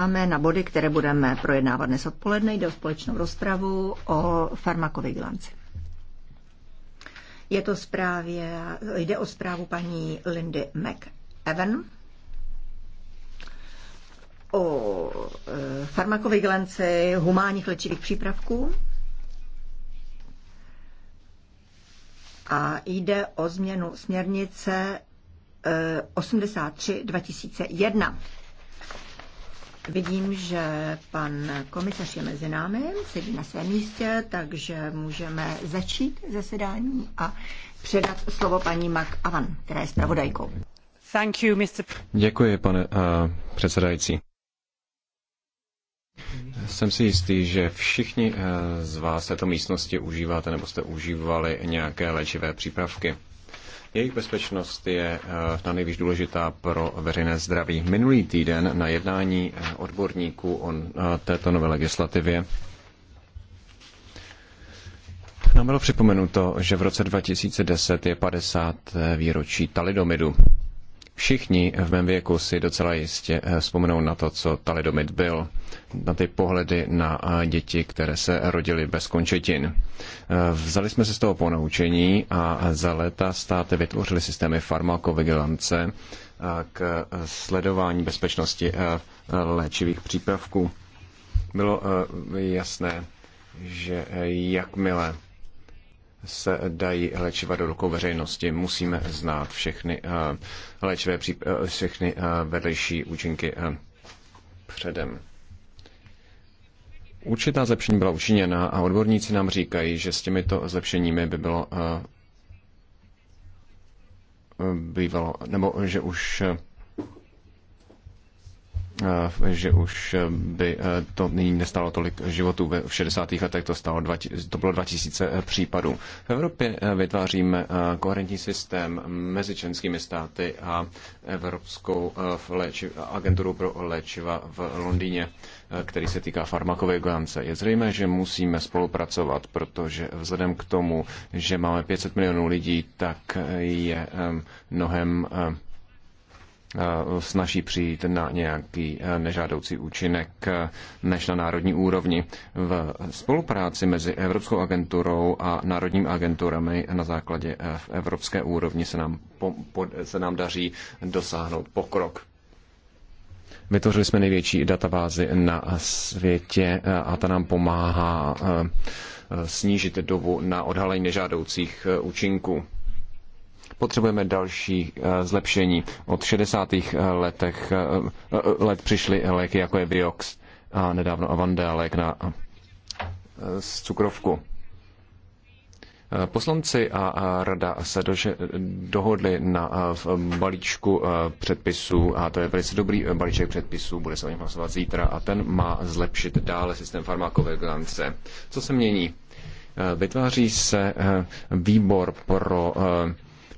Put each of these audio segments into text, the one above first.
Máme na body, které budeme projednávat dnes odpoledne. Jde o společnou rozpravu o farmakovigilanci. Je to zprávě, jde o zprávu paní Lindy McEwen o e, farmakovigilanci humánních léčivých přípravků a jde o změnu směrnice 83 e, 2001. Vidím, že pan komisař je mezi námi, sedí na svém místě, takže můžeme začít zasedání a předat slovo paní Mac Avan, která je zpravodajkou. Thank you, Mr. Děkuji, pane uh, předsedající. Jsem si jistý, že všichni eh, z vás této místnosti užíváte nebo jste užívali nějaké léčivé přípravky. Jejich bezpečnost je na eh, nejvíc důležitá pro veřejné zdraví. Minulý týden na jednání eh, odborníků o eh, této nové legislativě nám bylo připomenuto, že v roce 2010 je 50. výročí talidomidu. Všichni v mém věku si docela jistě eh, vzpomenou na to, co talidomid byl, na ty pohledy na eh, děti, které se rodily bez končetin. Eh, vzali jsme se z toho ponaučení a za léta státy vytvořili systémy farmakovigilance k sledování bezpečnosti léčivých přípravků. Bylo jasné, že jakmile se dají léčiva do rukou veřejnosti. Musíme znát všechny eh, léčivé, eh, všechny eh, vedlejší účinky předem. Určitá zlepšení byla učiněna a odborníci nám říkají, že s těmito zlepšeními by bylo bývalo, nebo že už Eh, že už eh, by eh, to nyní nestalo tolik životů. V 60. letech to, stalo 20, to bylo 2000 případů. V Evropě vytváříme koherentní systém mezi členskými státy a Evropskou léči, agenturu pro léčiva v Londýně, který se týká farmakovigilance. Je zřejmé, že musíme spolupracovat, protože vzhledem k tomu, že máme 500 milionů lidí, tak je mnohem Eh, snaží přijít na nějaký eh, nežádoucí účinek eh, než na národní úrovni. V spolupráci mezi Evropskou agenturou a národními agenturami na základě v evropské úrovni se nám, po, po, se nám daří dosáhnout pokrok. Vytvořili jsme největší databázy na světě a ta nám pomáhá snížit dobu na odhalení nežádoucích účinků potřebujeme další eh, zlepšení. Od 60. Eh, letech, eh, let přišly léky jako je Viox a nedávno Avanda lék na z cukrovku. Poslanci a rada se dože, dohodli na v balíčku předpisů a to je velice dobrý balíček předpisů, bude se o něm hlasovat zítra a ten má zlepšit dále systém glance. Co se mění? Vytváří se výbor pro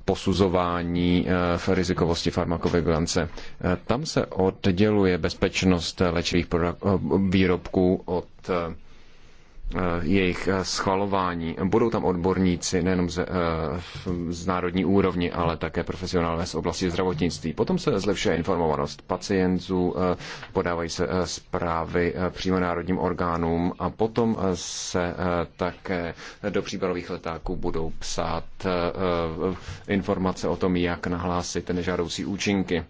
posuzování eh, v rizikovosti farmakovigilance. Eh, tam se odděluje bezpečnost léčivých eh, výrobků od Eh, jejich eh, schvalování. Budou tam odborníci nejenom z, eh, z národní úrovni, ale také profesionálové z oblasti zdravotnictví. Potom se zlepšuje informovanost pacientů, podávají se zprávy přímo národním orgánům a potom se také do příbalových letáků budou psát informace o tom, jak nahlásit nežádoucí účinky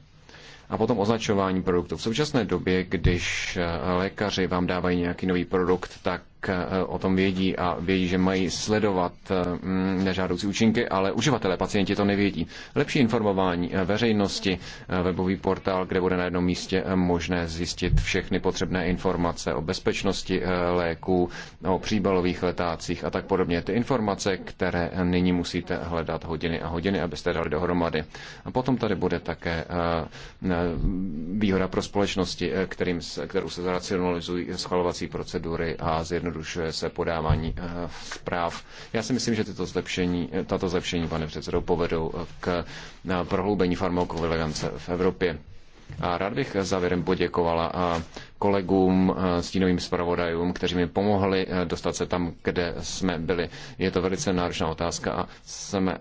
a potom označování produktů. V současné době, když lékaři vám dávají nějaký nový produkt, tak Eh, o tom vědí a vědí, že mají sledovat eh, mm, nežádoucí účinky, ale uživatelé, pacienti to nevědí. Lepší informování eh, veřejnosti, webový portál, kde bude na jednom místě možné zjistit všechny potřebné informace o bezpečnosti léků, o příbalových letácích a tak podobně. Ty informace, které nyní musíte hledat hodiny a hodiny, abyste dali dohromady. A potom tady bude také výhoda pro společnosti, kterým, kterou se zracionalizují schvalovací procedury a zjednodušení zjednodušuje se podávání eh, zpráv. Já si myslím, že tyto zlepšení, eh, tato zlepšení, pane předsedo, povedou eh, k prohloubení farmakovigilance v Evropě. A rád bych závěrem poděkovala kolegům, stínovým zpravodajům, kteří mi pomohli dostat se tam, kde jsme byli. Je to velice náročná otázka a jsme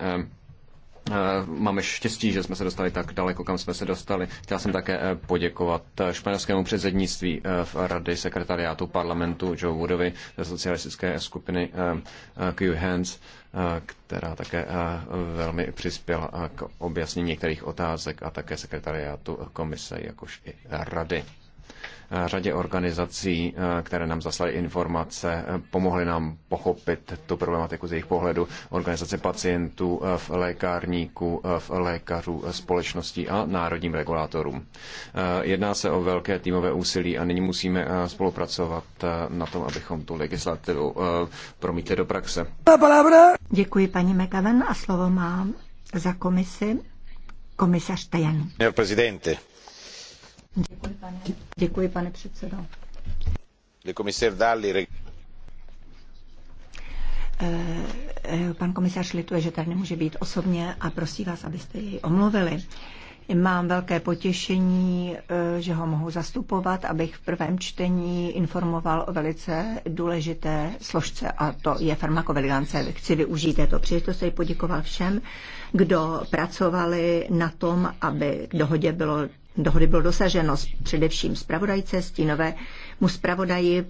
Eh, Máme štěstí, že jsme se dostali tak daleko, kam jsme se dostali. Chtěl jsem také eh, poděkovat eh, španělskému předsednictví v Rady sekretariátu parlamentu Joe Woodovi ze socialistické skupiny Q Hands, která také velmi přispěla k objasnění některých otázek a také sekretariátu komise, jakož i rady řadě organizací, eh, které nám zaslaly informace, eh, pomohly nám pochopit tu problematiku z jejich pohledu. Organizace pacientů, eh, v lékárníků, v lékařů, společností a národním regulátorům. Jedná se o velké týmové úsilí a nyní musíme spolupracovat na tom, abychom tu legislativu promítli do praxe. Děkuji paní McAven a slovo má za komisi komisař Tajan. Pane Děkuji, pane, předsedo. Eh, eh, pan komisař lituje, že tady nemůže být osobně a prosí vás, abyste jej omluvili. Mám velké potěšení, eh, že ho mohu zastupovat, abych v prvém čtení informoval o velice důležité složce, a to je farmakovigilance. Chci využít této příležitosti poděkoval všem, kdo pracovali na tom, aby k dohodě bylo dohody bylo dosaženo především zpravodajce, stínové mu zpravodaji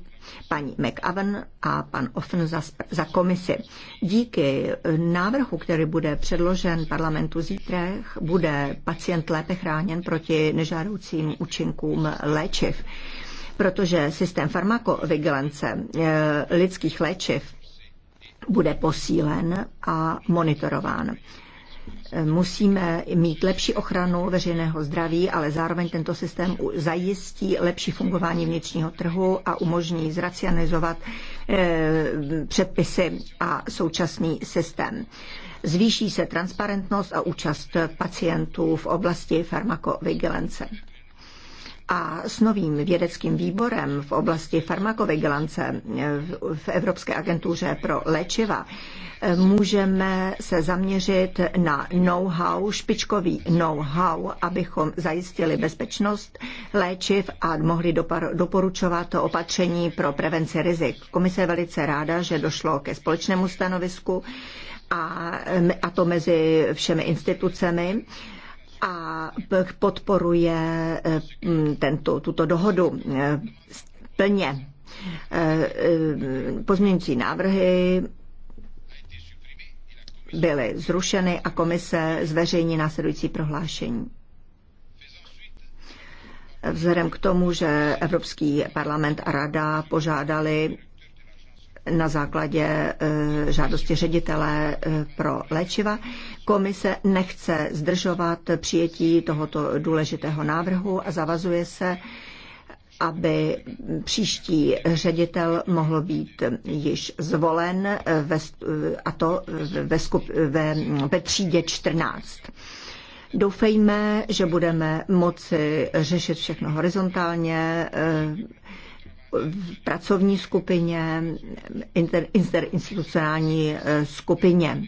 paní McAven a pan Offen za, za komisi. Díky eh, návrhu, který bude předložen parlamentu zítra, bude pacient lépe chráněn proti nežádoucím účinkům léčiv, protože systém farmakovigilance eh, lidských léčiv bude posílen a monitorován musíme mít lepší ochranu veřejného zdraví, ale zároveň tento systém zajistí lepší fungování vnitřního trhu a umožní zracionalizovat eh, předpisy a současný systém. Zvýší se transparentnost a účast pacientů v oblasti farmakovigilance a s novým vědeckým výborem v oblasti farmakovigilance v Evropské agentuře pro léčiva můžeme se zaměřit na know-how, špičkový know-how, abychom zajistili bezpečnost léčiv a mohli doporučovat opatření pro prevenci rizik. Komise je velice ráda, že došlo ke společnému stanovisku a, a to mezi všemi institucemi a podporuje eh, mm, tento, tuto dohodu eh, plně. Eh, pozměňující návrhy byly zrušeny a komise zveřejní následující prohlášení. Vzhledem k tomu, že Evropský parlament a rada požádali na základě e, žádosti ředitele e, pro léčiva. Komise nechce zdržovat přijetí tohoto důležitého návrhu a zavazuje se, aby příští ředitel mohl být již zvolen e, ve, a to ve, skup, ve, ve třídě 14. Doufejme, že budeme moci řešit všechno horizontálně, v pracovní skupině, inter, interinstitucionální eh, skupině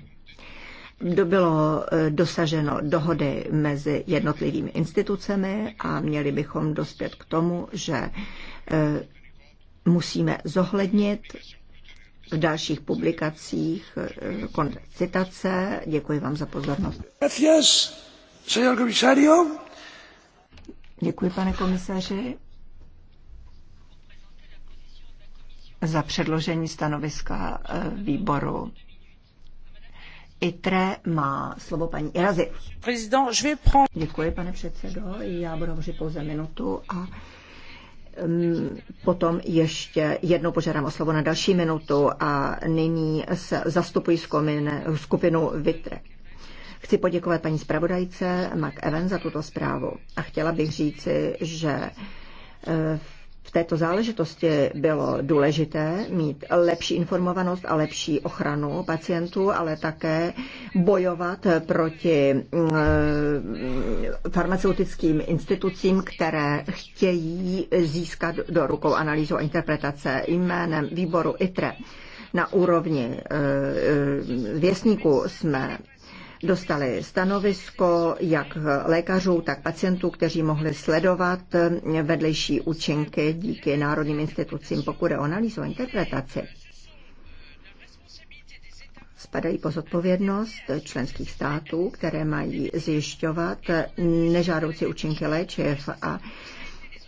bylo eh, dosaženo dohody mezi jednotlivými institucemi a měli bychom dospět k tomu, že eh, musíme zohlednit v dalších publikacích citace. Děkuji vám za pozornost. Děkuji, pane komisaři. za předložení stanoviska eh, výboru. ITRE má slovo paní Irazy. Děkuji, pane předsedo. Já budu hovořit pouze minutu a mm, Potom ještě jednou požádám o slovo na další minutu a nyní se zastupuji skupinu Vitre. Chci poděkovat paní zpravodajce Mac Evans za tuto zprávu a chtěla bych říci, že v eh, v této záležitosti bylo důležité mít lepší informovanost a lepší ochranu pacientů, ale také bojovat proti eh, farmaceutickým institucím, které chtějí získat do rukou analýzu a interpretace jménem výboru ITRE na úrovni eh, eh, věstníku jsme dostali stanovisko jak lékařů, tak pacientů, kteří mohli sledovat eh, vedlejší účinky díky národním institucím, pokud je o analýzu a interpretaci. Spadají po zodpovědnost členských států, které mají zjišťovat eh, nežádoucí účinky léčiv a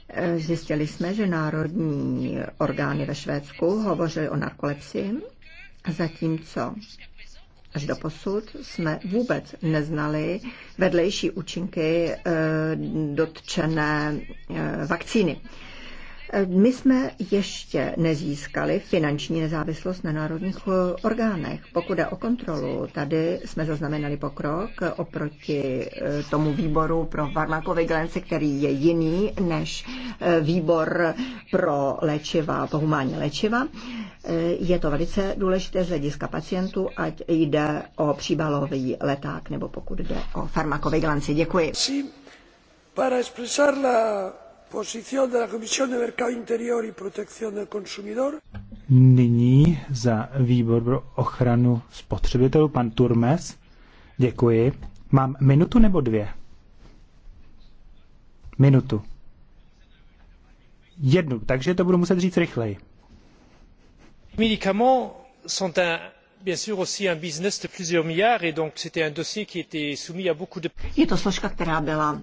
eh, Zjistili jsme, že národní orgány ve Švédsku hovořily o narkolepsii, zatímco Až do posud jsme vůbec neznali vedlejší účinky eh, dotčené eh, vakcíny. My jsme ještě nezískali finanční nezávislost na národních orgánech. Pokud jde o kontrolu, tady jsme zaznamenali pokrok oproti eh, tomu výboru pro farmakovigilanci, který je jiný než eh, výbor pro léčiva, pohumání léčiva. Eh, je to velice důležité z hlediska pacientů, ať jde o příbalový leták nebo pokud jde o farmakovigilanci. Děkuji. Sí, para expresar la Posición de la Comisión de Mercado Interior y Protección del Consumidor. Nyní za výbor pro ochranu spotřebitelů pan Turmes. Děkuji. Mám minutu nebo dvě? Minutu. Jednu, takže to budu muset říct rychleji. Médicaments sont un bien sûr aussi un business de plusieurs milliards et donc c'était un dossier qui était soumis à beaucoup de... Je to složka, která byla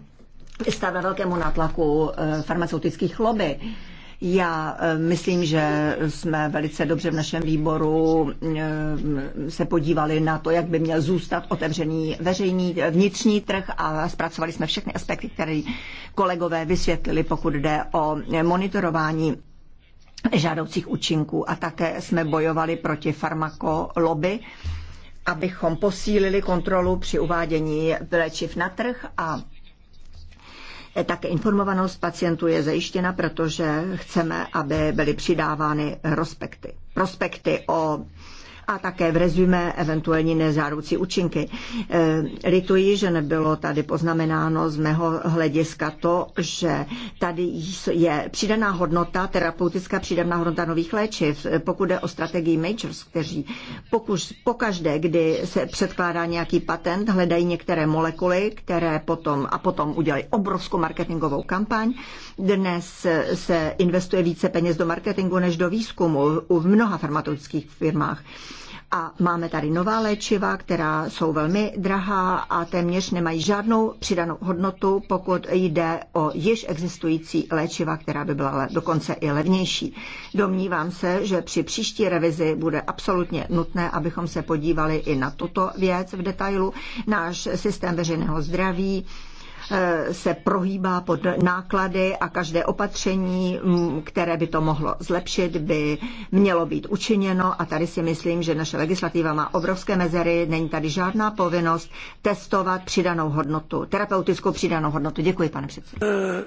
vystavena velkému nátlaku eh, farmaceutických lobby. Já eh, myslím, že jsme velice dobře v našem výboru eh, se podívali na to, jak by měl zůstat otevřený veřejný vnitřní trh a zpracovali jsme všechny aspekty, které kolegové vysvětlili, pokud jde o monitorování žádoucích účinků a také jsme bojovali proti farmakolobby, abychom posílili kontrolu při uvádění léčiv na trh a Eh, Také informovanost pacientů je zajištěna, protože chceme, aby byly přidávány prospekty, prospekty o a také v rezumé eventuální nezárucí účinky. Eh, lituji, že nebylo tady poznamenáno z mého hlediska to, že tady je přidaná hodnota, terapeutická přidaná hodnota nových léčiv, eh, pokud jde o strategii Majors, kteří pokuž, pokaždé, kdy se předkládá nějaký patent, hledají některé molekuly, které potom a potom udělají obrovskou marketingovou kampaň, dnes se investuje více peněz do marketingu než do výzkumu v mnoha farmaceutických firmách. A máme tady nová léčiva, která jsou velmi drahá a téměř nemají žádnou přidanou hodnotu, pokud jde o již existující léčiva, která by byla dokonce i levnější. Domnívám se, že při příští revizi bude absolutně nutné, abychom se podívali i na tuto věc v detailu. Náš systém veřejného zdraví Eh, se prohýbá pod náklady a každé opatření, mm, které by to mohlo zlepšit, by mělo být učiněno a tady si myslím, že naše legislativa má obrovské mezery, není tady žádná povinnost testovat přidanou hodnotu, terapeutickou přidanou hodnotu. Děkuji, pane předsedo. Eh,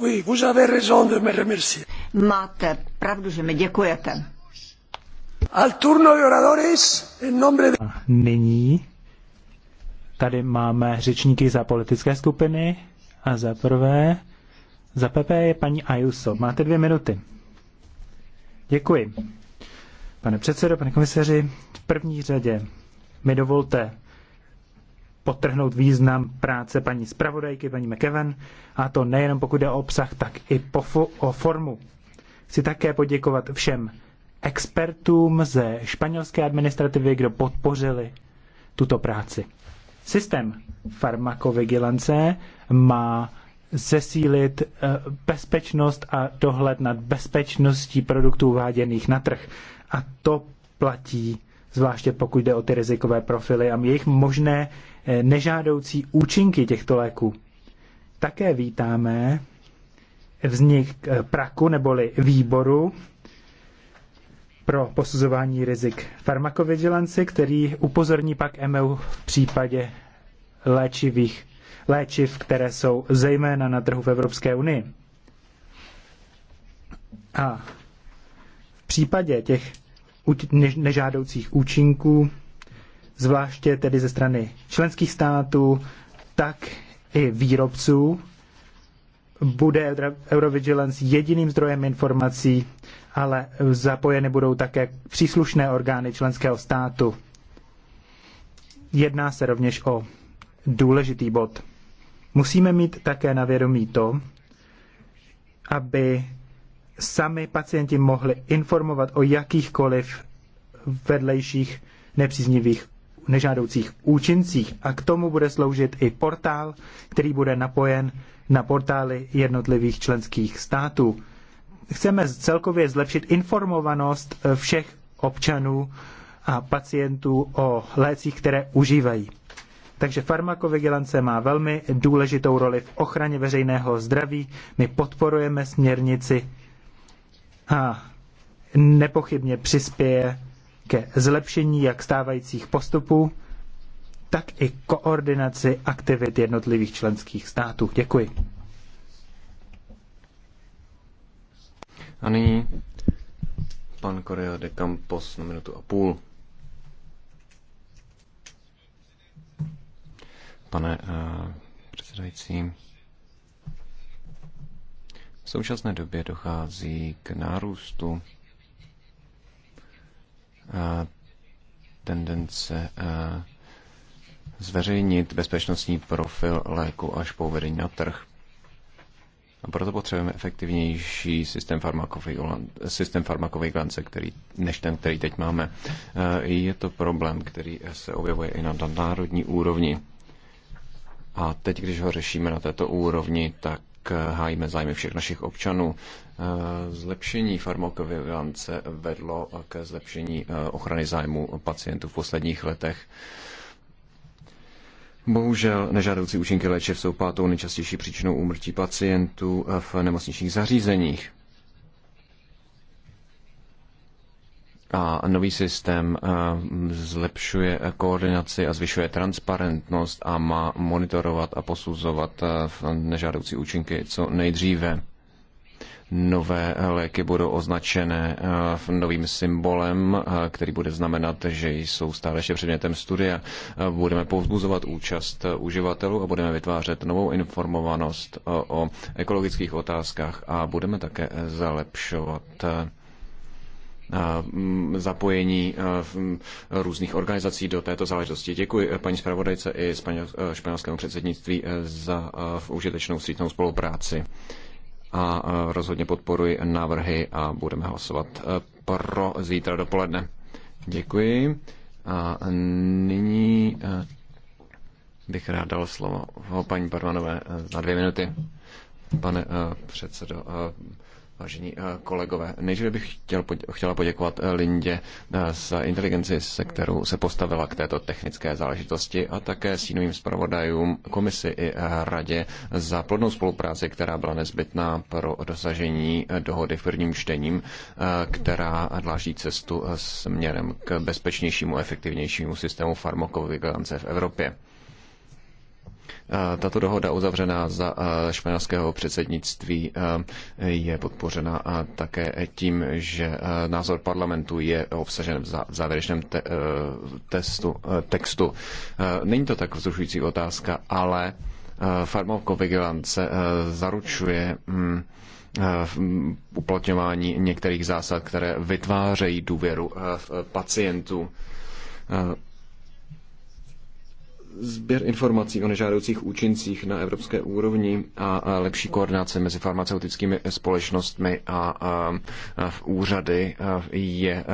oui, vous avez raison de me remercier. Máte pravdu, že mi děkujete. Al turno de oradores, en nombre de... Nyní Tady máme řečníky za politické skupiny a za prvé za PP je paní Ayuso. Máte dvě minuty. Děkuji. Pane předsedo, pane komisaři, v první řadě mi dovolte potrhnout význam práce paní zpravodajky, paní McEwen, a to nejenom pokud jde o obsah, tak i po, o formu. Chci také poděkovat všem expertům ze španělské administrativy, kdo podpořili tuto práci. Systém farmakovigilance má zesílit eh, bezpečnost a dohled nad bezpečností produktů uváděných na trh. A to platí zvláště pokud jde o ty rizikové profily a jejich možné eh, nežádoucí účinky těchto léků. Také vítáme vznik eh, praku neboli výboru pro posuzování rizik farmakovigilanci, který upozorní pak EMEU v případě léčivých léčiv, které jsou zejména na trhu v Evropské unii. A v případě těch nežádoucích účinků, zvláště tedy ze strany členských států, tak i výrobců, bude Eurovigilance jediným zdrojem informací ale zapojeny budou také příslušné orgány členského státu. Jedná se rovněž o důležitý bod. Musíme mít také na vědomí to, aby sami pacienti mohli informovat o jakýchkoliv vedlejších nepříznivých nežádoucích účincích. A k tomu bude sloužit i portál, který bude napojen na portály jednotlivých členských států. Chceme celkově zlepšit informovanost eh, všech občanů a pacientů o lécích, které užívají. Takže farmakovigilance má velmi důležitou roli v ochraně veřejného zdraví. My podporujeme směrnici a nepochybně přispěje ke zlepšení jak stávajících postupů, tak i koordinaci aktivit jednotlivých členských států. Děkuji. A nyní pan Korea de Campos na minutu a půl. Pane uh, předsedající, v současné době dochází k nárůstu uh, tendence uh, zveřejnit bezpečnostní profil léku až po uvedení na trh. A proto potřebujeme efektivnější systém, systém farmakovigilance, který, než ten, který teď máme. E, je to problém, který se objevuje i na národní úrovni. A teď, když ho řešíme na této úrovni, tak e, hájíme zájmy všech našich občanů. E, zlepšení farmakovigilance vedlo ke zlepšení ochrany zájmu pacientů v posledních letech Bohužel nežádoucí účinky léčiv jsou pátou nejčastější příčinou úmrtí pacientů v nemocničních zařízeních. A nový systém eh, zlepšuje koordinaci a zvyšuje transparentnost a má monitorovat a posuzovat eh, nežádoucí účinky co nejdříve nové léky budou označené eh, novým symbolem, eh, který bude znamenat, že jsou stále ještě předmětem studia. Eh, budeme povzbuzovat účast uživatelů a budeme vytvářet novou informovanost o ekologických otázkách a budeme také zalepšovat zapojení různých organizací do této záležitosti. Děkuji paní zpravodajce i španělskému předsednictví za užitečnou střídnou spolupráci a rozhodně podporuji návrhy a budeme hlasovat e, pro zítra dopoledne. Děkuji. A nyní e, bych rád dal slovo paní Parvanové e, na dvě minuty. Pane předsedo, Vážení eh, kolegové, nejdříve bych chtěl, chtěla poděkovat eh, Lindě eh, za inteligenci, se kterou se postavila k této technické záležitosti a také sínovým zpravodajům komisi i radě za plodnou spolupráci, která byla nezbytná pro dosažení dohody v prvním čtením, která dláží cestu směrem k bezpečnějšímu, efektivnějšímu systému farmakovigilance v Evropě. Tato dohoda uzavřená za španělského předsednictví je podpořena také tím, že názor parlamentu je obsažen v závěrečném te- e, testu, e, textu. E, není to tak vzrušující otázka, ale farmakovigilance zaručuje mm, mm, uplatňování některých zásad, které vytvářejí důvěru v pacientů sběr informací o nežádoucích účincích na evropské úrovni a lepší koordinace mezi farmaceutickými společnostmi a úřady je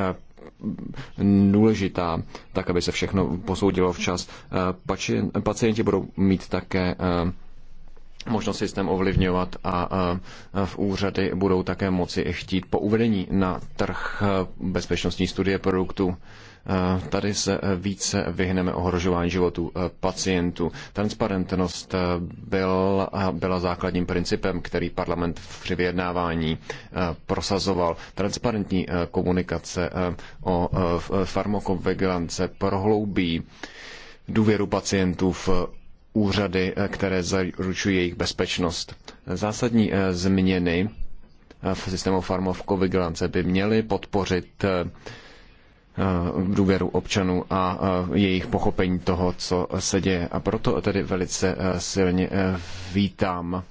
důležitá, tak aby se všechno posoudilo včas. Pacienti budou mít také možnost systém ovlivňovat a v úřady budou také moci chtít po uvedení na trh bezpečnostní studie produktu. Eh, tady se eh, více vyhneme ohrožování životů eh, pacientů. Transparentnost byl, byla základním principem, který parlament při vyjednávání prosazoval. Transparentní komunikace o farmakovigilance prohloubí důvěru pacientů v úřady, které zaručují jejich bezpečnost. Zásadní změny v systému farmakovigilance by měly podpořit Eh, důvěru občanů a eh, jejich pochopení toho, co se děje. A proto tedy velice eh, silně vítám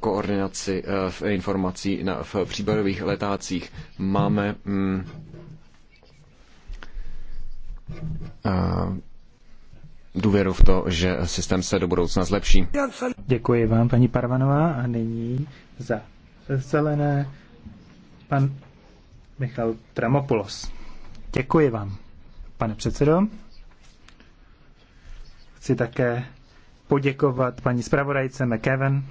koordinaci v informací na, v případových letácích. Máme mm, důvěru v to, že systém se do budoucna zlepší. Děkuji vám, paní Parvanová, a nyní za zelené pan Michal Tramopulos. Děkuji vám, pane předsedo. Chci také poděkovat paní zpravodajce McKeven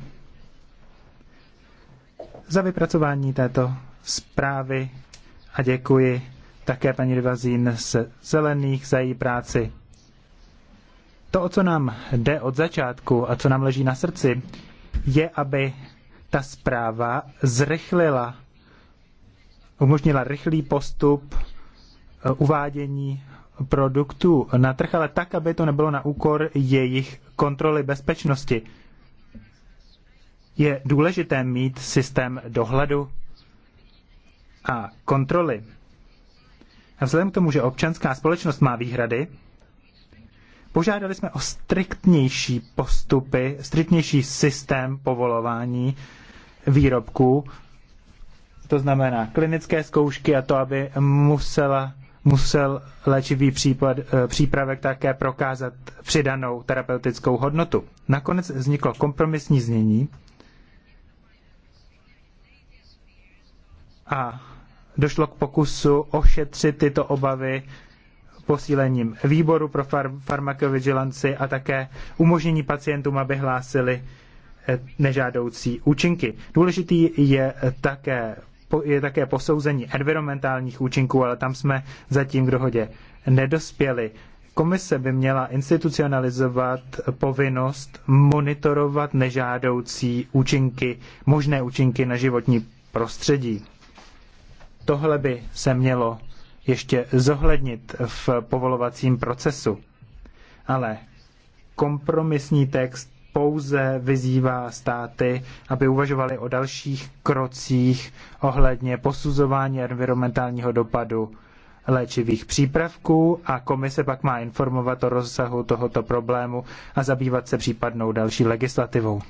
za vypracování této zprávy a děkuji také paní Rivazín z Zelených za její práci. To, o co nám jde od začátku a co nám leží na srdci, je, aby ta zpráva zrychlila, umožnila rychlý postup Eh, uvádění produktů na trh, ale tak, aby to nebylo na úkor jejich kontroly bezpečnosti. Je důležité mít systém dohledu a kontroly. A vzhledem k tomu, že občanská společnost má výhrady, požádali jsme o striktnější postupy, striktnější systém povolování výrobků, to znamená klinické zkoušky a to, aby musela musel léčivý případ, eh, přípravek také prokázat přidanou terapeutickou hodnotu. Nakonec vzniklo kompromisní znění a došlo k pokusu ošetřit tyto obavy posílením výboru pro far- farmakovigilanci a také umožnění pacientům, aby hlásili eh, nežádoucí účinky. Důležitý je také je také posouzení environmentálních účinků, ale tam jsme zatím k dohodě nedospěli. Komise by měla institucionalizovat povinnost monitorovat nežádoucí účinky, možné účinky na životní prostředí. Tohle by se mělo ještě zohlednit v povolovacím procesu. Ale kompromisní text pouze vyzývá státy, aby uvažovali o dalších krocích ohledně posuzování environmentálního dopadu léčivých přípravků a komise pak má informovat o rozsahu tohoto problému a zabývat se případnou další legislativou.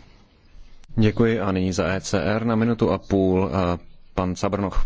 Děkuji a nyní za ECR na minutu a půl eh, pan Cabrnoch.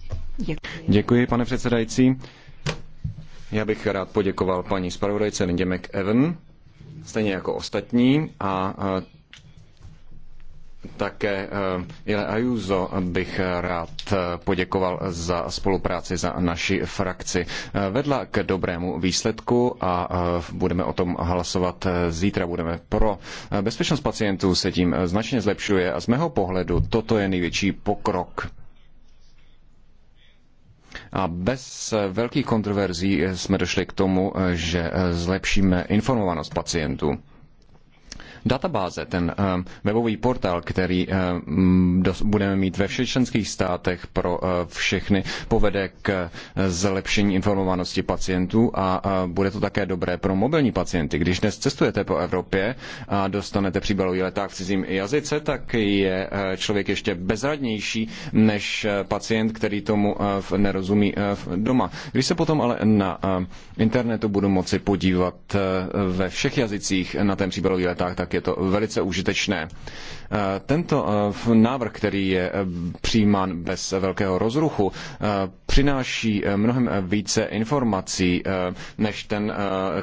Děkuji. Děkuji, pane předsedající. Já bych rád poděkoval paní zpravodajce Lindě McEwen, stejně jako ostatní, a také e, Ile Ajuzo bych rád poděkoval za spolupráci za naši frakci. E, vedla k dobrému výsledku a e, budeme o tom hlasovat zítra, budeme pro. Bezpečnost pacientů se tím značně zlepšuje a z mého pohledu toto je největší pokrok a bez velkých kontroverzí jsme došli k tomu, že zlepšíme informovanost pacientů databáze, ten eh, webový portál, který eh, budeme mít ve všech členských státech pro eh, všechny, povede k zlepšení informovanosti pacientů a bude to také dobré pro mobilní pacienty. Když dnes cestujete po Evropě a dostanete příbalový leták v cizím jazyce, tak je člověk ještě bezradnější než pacient, který tomu nerozumí doma. Když se potom ale na internetu budu moci podívat ve všech jazycích na ten příbalový leták, tak tak je to velice užitečné. Eh, tento eh, návrh, který je eh, přijímán bez velkého rozruchu, přináší mnohem více informací než ten,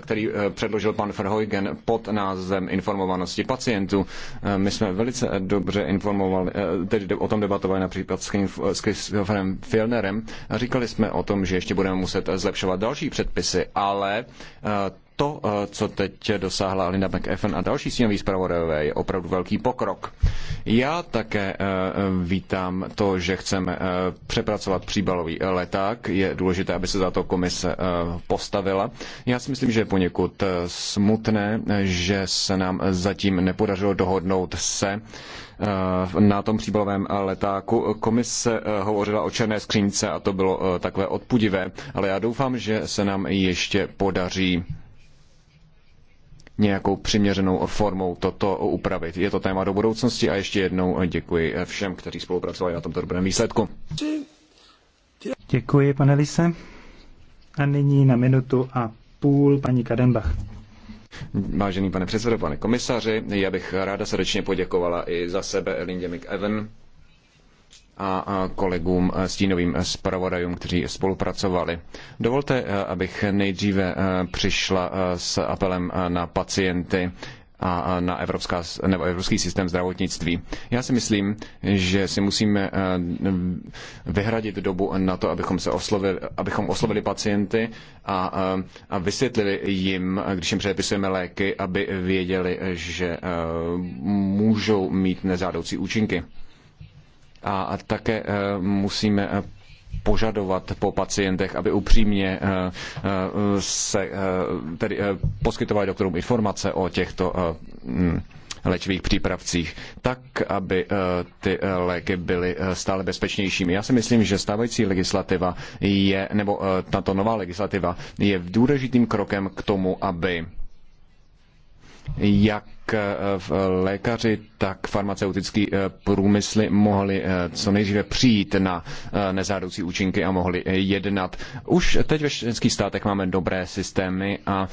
který předložil pan Verheugen pod názvem informovanosti pacientů. My jsme velice dobře informovali, tedy o tom debatovali například s Christopherem Filnerem. Říkali jsme o tom, že ještě budeme muset zlepšovat další předpisy, ale to, eh, co teď dosáhla Linda McEffen a další sněmový zpravodajové, je opravdu velký pokrok. Já také eh, vítám to, že chceme eh, přepracovat příbalový leták. Je důležité, aby se za to komise postavila. Já si myslím, že je poněkud smutné, že se nám zatím nepodařilo dohodnout se na tom příbalovém letáku. Komise hovořila o černé skřínce a to bylo takové odpudivé, ale já doufám, že se nám ještě podaří nějakou přiměřenou formou toto upravit. Je to téma do budoucnosti a ještě jednou děkuji všem, kteří spolupracovali na tomto dobrém výsledku. Děkuji, pane Lise. A nyní na minutu a půl paní Kadenbach. Vážený pane předsedo, pane komisaři, já bych ráda srdečně poděkovala i za sebe Elindě McEwen a kolegům eh, stínovým eh, zpravodajům, kteří spolupracovali. Dovolte, eh, abych nejdříve přišla s apelem na pacienty a na evropská, nebo evropský systém zdravotnictví. Já si myslím, že si musíme vyhradit dobu na to, abychom, se oslovili, abychom oslovili pacienty a, a vysvětlili jim, když jim předepisujeme léky, aby věděli, že můžou mít nezádoucí účinky a také eh, musíme eh, požadovat po pacientech, aby upřímně eh, se tedy poskytovali doktorům informace o těchto mm, léčivých přípravcích, tak, aby ty léky byly stále bezpečnějšími. Já si myslím, že stávající legislativa je, nebo tato nová legislativa je důležitým krokem k tomu, aby jak Eh, lékaři, tak farmaceutický eh, průmysly mohli eh, co nejdříve přijít na nezádoucí účinky a mohli jednat. Už teď ve členských státech máme dobré systémy a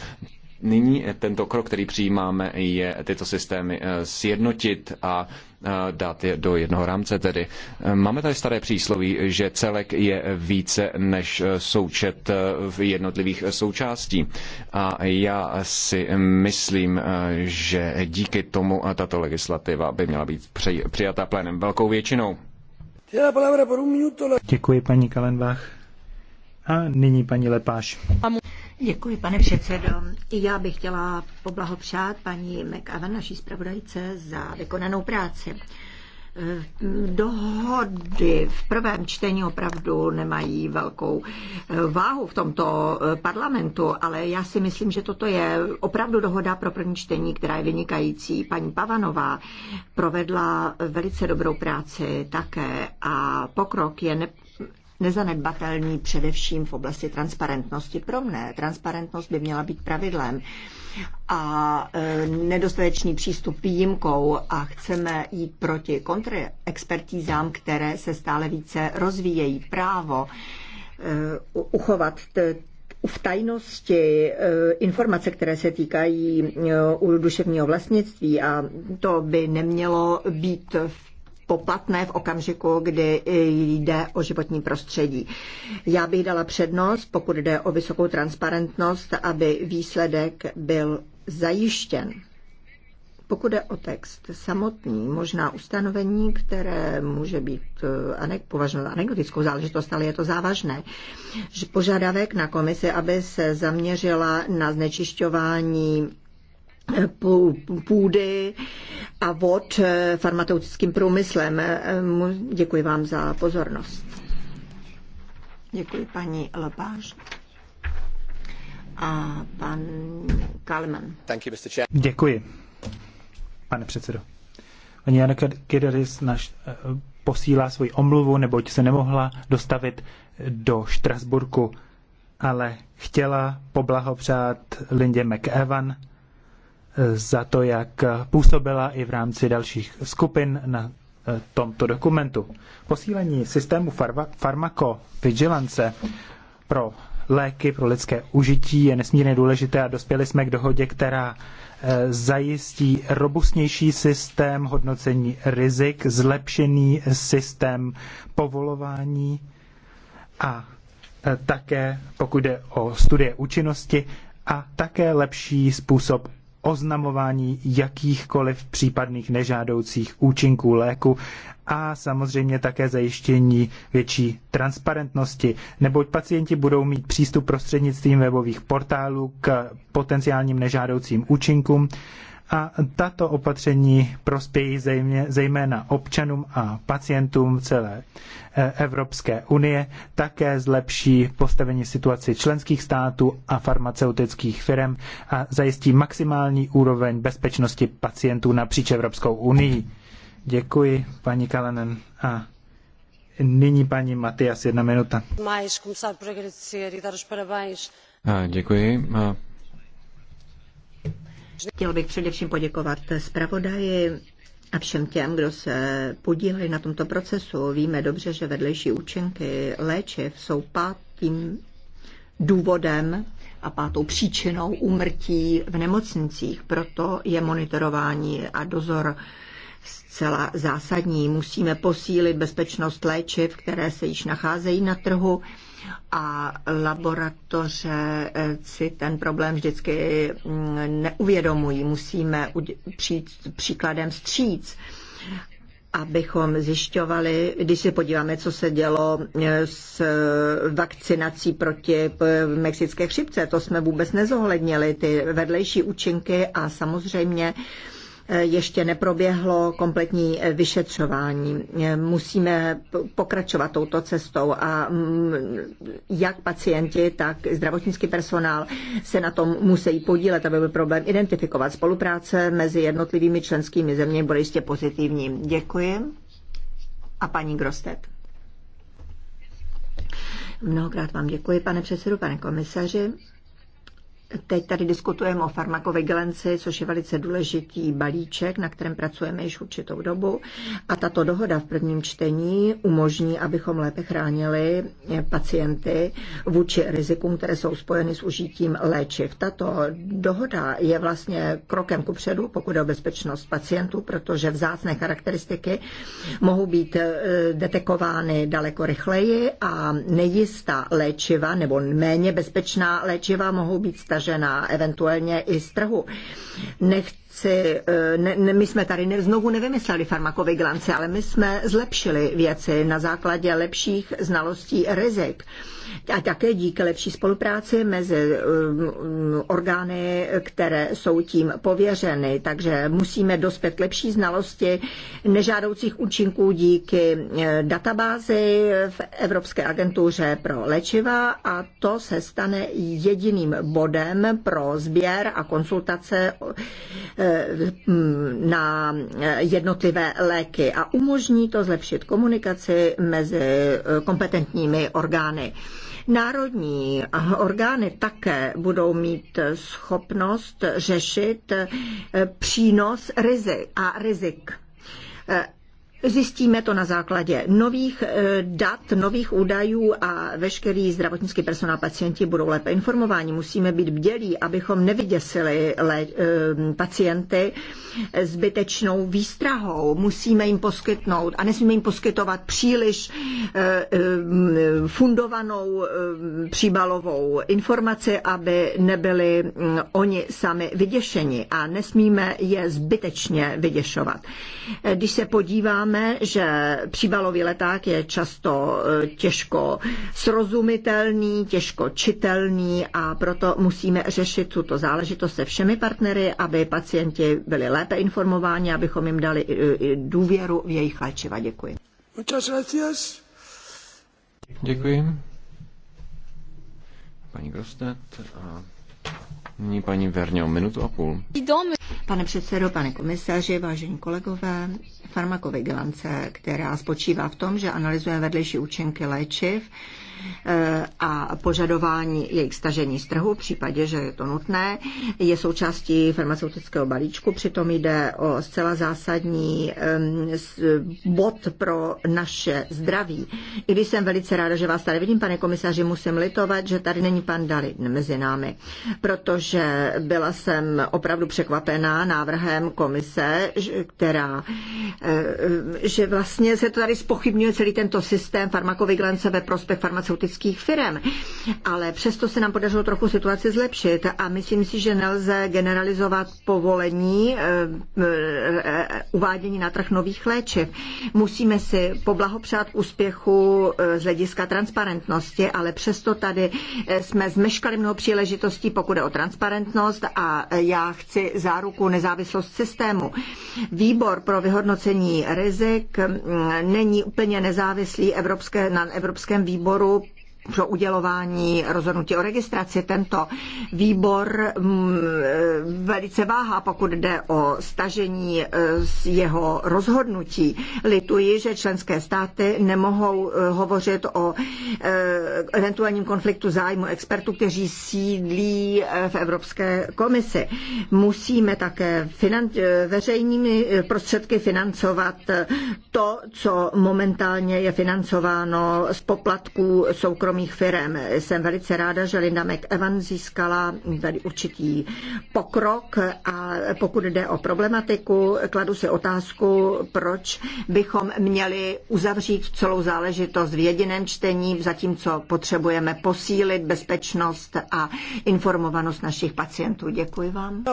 Nyní eh, tento krok, který přijímáme, je tyto systémy eh, sjednotit a eh, dát je do jednoho rámce tedy. Máme tady staré přísloví, že celek je více než součet v jednotlivých součástí. A já si myslím, že díky tomu tato legislativa by měla být přijata plénem velkou většinou. Děkuji paní Kalenbach. A nyní paní Lepáš. Děkuji, pane předsedo. I já bych chtěla poblahopřát paní McAvan, naší zpravodajce, za vykonanou práci. Dohody v prvém čtení opravdu nemají velkou eh, váhu v tomto eh, parlamentu, ale já si myslím, že toto je opravdu dohoda pro první čtení, která je vynikající. Paní Pavanová provedla velice dobrou práci také a pokrok je ne- nezanedbatelný především v oblasti transparentnosti. Pro mne transparentnost by měla být pravidlem a e, nedostatečný přístup výjimkou a chceme jít proti kontraexpertízám, které se stále více rozvíjejí. Právo e, uchovat v tajnosti e, informace, které se týkají duševního vlastnictví a to by nemělo být v poplatné v okamžiku, kdy jde o životní prostředí. Já bych dala přednost, pokud jde o vysokou transparentnost, aby výsledek byl zajištěn. Pokud je o text samotný, možná ustanovení, které může být eh, anek, považováno anekdotickou záležitost, ale je to závažné, že požadavek na komisi, aby se zaměřila na znečišťování půdy a vod farmaceutickým průmyslem. Děkuji vám za pozornost. Děkuji paní Lopáš a pan Kalman. Děkuji, pane předsedo. Pani Jana Kideris naš, eh, posílá svoji omluvu, neboť se nemohla dostavit do Štrasburku, ale chtěla poblahopřát Lindě McEvan, za to, jak působila i v rámci dalších skupin na eh, tomto dokumentu. Posílení systému farmakovigilance pro léky pro lidské užití je nesmírně důležité a dospěli jsme k dohodě, která eh, zajistí robustnější systém hodnocení rizik, zlepšený systém povolování a eh, také, pokud jde o studie účinnosti, a také lepší způsob oznamování jakýchkoliv případných nežádoucích účinků léku a samozřejmě také zajištění větší transparentnosti, neboť pacienti budou mít přístup prostřednictvím webových portálů k potenciálním nežádoucím účinkům a tato opatření prospějí zejmě, zejména občanům a pacientům celé eh, Evropské unie, také zlepší postavení situaci členských států a farmaceutických firm a zajistí maximální úroveň bezpečnosti pacientů napříč Evropskou unii. Děkuji, paní Kalanen. A nyní paní Matias, jedna minuta. Eh, děkuji. Eh, Chtěl bych především poděkovat zpravodaji a všem těm, kdo se podíleli na tomto procesu. Víme dobře, že vedlejší účinky léčiv jsou pátým důvodem a pátou příčinou úmrtí v nemocnicích. Proto je monitorování a dozor zcela zásadní. Musíme posílit bezpečnost léčiv, které se již nacházejí na trhu a laboratoře eh, si ten problém vždycky mm, neuvědomují. Musíme přijít příkladem stříc abychom zjišťovali, když se podíváme, co se dělo eh, s eh, vakcinací proti mexické chřipce, to jsme vůbec nezohlednili, ty vedlejší účinky a samozřejmě ještě neproběhlo kompletní vyšetřování. Musíme pokračovat touto cestou a mm, jak pacienti, tak zdravotnický personál se na tom musí podílet, aby byl problém identifikovat. Spolupráce mezi jednotlivými členskými zeměmi bude jistě pozitivní. Děkuji. A paní Grostet. Mnohokrát vám děkuji, pane předsedu, pane komisaři. Teď tady diskutujeme o farmakovigilanci, což je velice důležitý balíček, na kterém pracujeme již určitou dobu. A tato dohoda v prvním čtení umožní, abychom lépe chránili pacienty vůči rizikům, které jsou spojeny s užitím léčiv. Tato dohoda je vlastně krokem ku předu, pokud je o bezpečnost pacientů, protože vzácné charakteristiky mohou být eh, detekovány daleko rychleji a nejistá léčiva nebo méně bezpečná léčiva mohou být stažená stažená, eventuálně i z trhu. Nech si, eh, ne, ne, my jsme tady ne, znovu nevymysleli farmakovigilance, ale my jsme zlepšili věci na základě lepších znalostí rizik. A také díky lepší spolupráci mezi eh, orgány, které jsou tím pověřeny. Takže musíme dospět lepší znalosti nežádoucích účinků díky eh, databázi v Evropské agentuře pro léčiva a to se stane jediným bodem pro sběr a konsultace E, na jednotlivé léky a umožní to zlepšit komunikaci mezi e, kompetentními orgány. Národní orgány také budou mít schopnost řešit e, přínos rizik a rizik Zjistíme to na základě nových eh, dat, nových údajů a veškerý zdravotnický personál pacienti budou lépe informováni. Musíme být bdělí, abychom nevyděsili eh, pacienty zbytečnou výstrahou. Musíme jim poskytnout a nesmíme jim poskytovat příliš eh, fundovanou příbalovou informaci, aby nebyli mm, oni sami vyděšeni a nesmíme je zbytečně vyděšovat. Když se podíváme, Víme, že příbalový leták je často eh, těžko srozumitelný, těžko čitelný a proto musíme řešit tuto záležitost se všemi partnery, aby pacienti byli lépe informováni, abychom jim dali eh, důvěru v jejich léčiva. Děkuji. Děkuji. Paní Grostet a nyní paní Verně o minutu a půl. Pane předsedo, pane komisaři, vážení kolegové, farmakovigilance, která spočívá v tom, že analyzuje vedlejší účinky léčiv, eh, a požadování jejich stažení z trhu v případě, že je to nutné, je součástí farmaceutického balíčku. Přitom jde o zcela zásadní ehm, bod pro naše zdraví. I když jsem velice ráda, že vás tady vidím, pane komisaři, musím litovat, že tady není pan Dali mezi námi, protože byla jsem opravdu překvapena návrhem komise, která, eh, že vlastně se to tady spochybňuje celý tento systém farmakovigilance ve prospěch farmaceutických firm. Ale přesto se nám podařilo trochu situaci zlepšit a myslím si, že nelze generalizovat povolení eh, eh, uvádění na trh nových léčiv. Musíme si poblahopřát úspěchu z hlediska transparentnosti, ale přesto tady jsme zmeškali mnoho příležitostí, pokud je o transparentnost a já chci záruku riziku, nezávislost systému. Výbor pro vyhodnocení rizik mm, není úplně nezávislý evropské, na Evropském výboru pro udělování rozhodnutí o registraci. Tento výbor mm, eh, velice váhá, pokud jde o stažení eh, z jeho rozhodnutí. Lituji, že členské státy nemohou eh, hovořit o eventuálním konfliktu zájmu expertů, kteří sídlí v Evropské komisi. Musíme také finan- veřejnými prostředky financovat to, co momentálně je financováno z poplatků soukromých soukromých firm. Jsem velice ráda, že Linda McEvan získala tady určitý pokrok a pokud jde o problematiku, kladu si otázku, proč bychom měli uzavřít celou záležitost v jediném čtení, zatímco potřebujeme posílit bezpečnost a informovanost našich pacientů. Děkuji vám.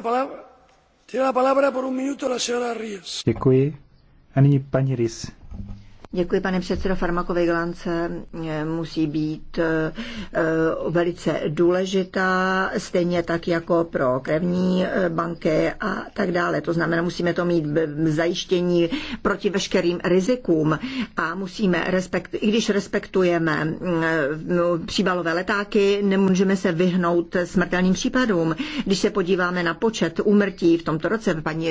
Děkuji. A nyní paní Rys. Děkuji, pane předsedo. glance. Eh, musí být eh, eh, velice důležitá, stejně tak jako pro krevní banky a tak dále. To znamená, musíme to mít zajištění proti veškerým rizikům a musíme, respekt, i když respektujeme mm, no, příbalové letáky, nemůžeme se vyhnout smrtelným případům. Když se podíváme na počet úmrtí v tomto roce, paní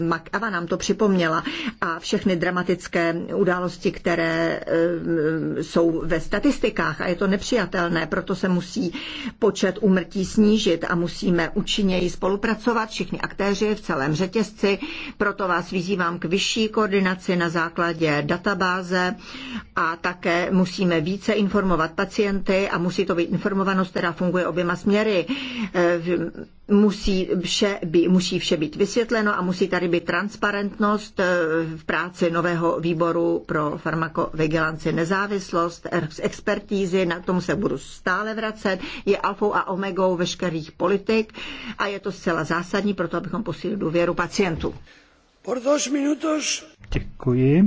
Makava nám to připomněla, a všechny dramatické události události, které eh, jsou ve statistikách a je to nepřijatelné, proto se musí počet úmrtí snížit a musíme účinněji spolupracovat všichni aktéři v celém řetězci. Proto vás vyzývám k vyšší koordinaci na základě databáze a také musíme více informovat pacienty a musí to být informovanost, která funguje oběma směry eh, musí vše, být, musí vše být vysvětleno a musí tady být transparentnost eh, v práci nového výboru pro farmakovigilanci nezávislost, expertízy, na tom se budu stále vracet, je alfou a omegou veškerých politik a je to zcela zásadní pro to, abychom posílili důvěru pacientů. Por dos minutos. Děkuji.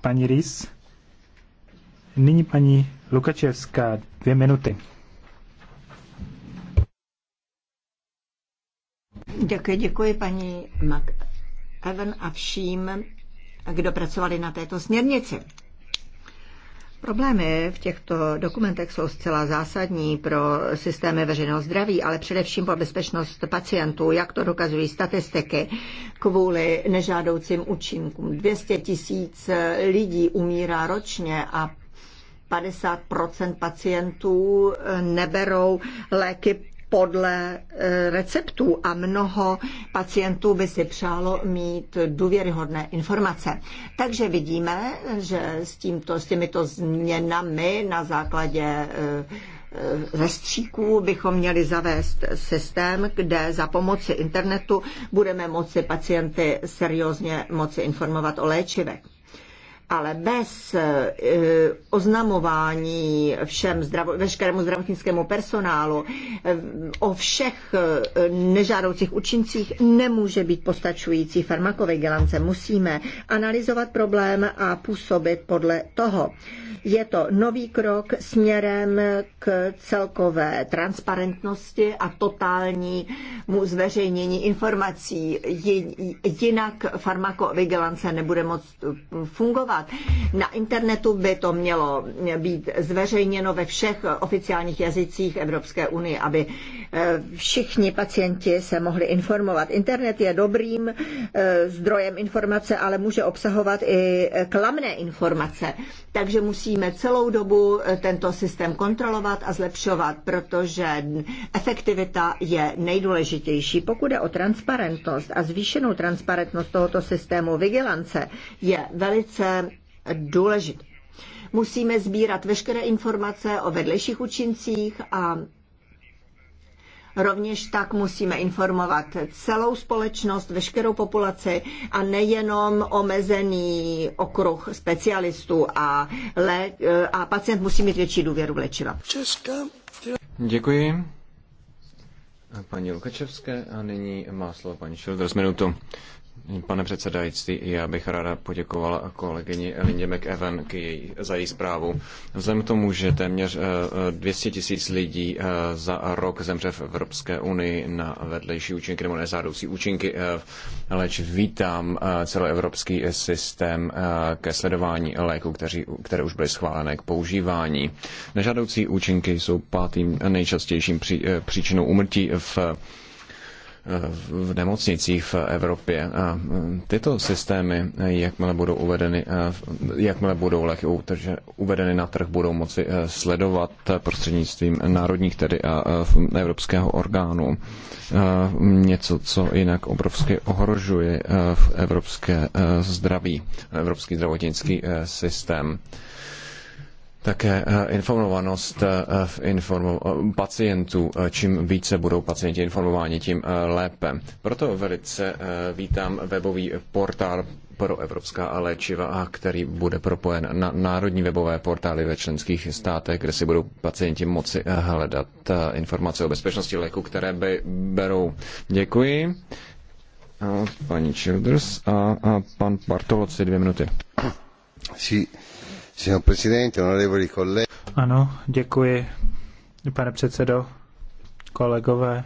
Pani Rys. Nyní paní Lukačevská, dvě minuty. Děkuji, děkuji paní Mac Evan a vším kdo pracovali na této směrnici. Problémy v těchto dokumentech jsou zcela zásadní pro systémy veřejného zdraví, ale především pro bezpečnost pacientů, jak to dokazují statistiky. Kvůli nežádoucím účinkům 200 tisíc lidí umírá ročně a 50 pacientů neberou léky podle eh, receptů a mnoho pacientů by si přálo mít důvěryhodné informace. Takže vidíme, že s, tímto, s těmito změnami na základě eh, eh, rejstříků bychom měli zavést systém, kde za pomoci internetu budeme moci pacienty seriózně moci informovat o léčivech ale bez e, oznamování všem zdravo, veškerému zdravotnickému personálu e, o všech e, nežádoucích účincích nemůže být postačující farmakovigilance. Musíme analyzovat problém a působit podle toho. Je to nový krok směrem k celkové transparentnosti a totálnímu zveřejnění informací. Jinak farmakovigilance nebude moct fungovat stát. Na internetu by to mělo být zveřejněno ve všech oficiálních jazycích Evropské unie, aby eh, všichni pacienti se mohli informovat. Internet je dobrým eh, zdrojem informace, ale může obsahovat i klamné informace takže musíme celou dobu eh, tento systém kontrolovat a zlepšovat, protože efektivita je nejdůležitější. Pokud je o transparentnost a zvýšenou transparentnost tohoto systému vigilance, je velice důležitý. Musíme sbírat veškeré informace o vedlejších účincích a Rovněž tak musíme informovat celou společnost, veškerou populaci a nejenom omezený okruh specialistů a, le- a pacient musí mít větší důvěru v léčiva. Děkuji. Paní Lukačevské a nyní má slovo paní Šildr z minutu. Pane předsedající, já bych ráda poděkovala kolegyni Lindě McEwen její, za její zprávu. Vzhledem k tomu, že téměř 200 eh, tisíc lidí eh, za rok zemře v Evropské unii na vedlejší účinky nebo nezádoucí účinky, eh, leč vítám celoevropský systém ke sledování léku, kteří, které už byly schválené k používání. Nežádoucí účinky jsou pátým nejčastějším příčinou úmrtí v v nemocnicích v Evropě. A mm, tyto systémy, jakmile budou, uvedeny, jakmile budou léky uvedeny na trh, budou moci e, sledovat prostřednictvím národních tedy a evropského orgánu. Něco, co jinak obrovsky ohrožuje e, v evropské e, zdraví, evropský zdravotnický systém také eh, informovanost eh, eh, pacientů. Čím více budou pacienti informováni, tím lépe. Proto velice vítám webový portál pro evropská léčiva, který bude propojen na národní webové portály ve členských státech, kde si budou pacienti moci hledat informace o bezpečnosti léku, které by berou. Děkuji. Paní Childers a, a pan Bartoloci dvě minuty. Sí. Ano, děkuji, pane předsedo, kolegové,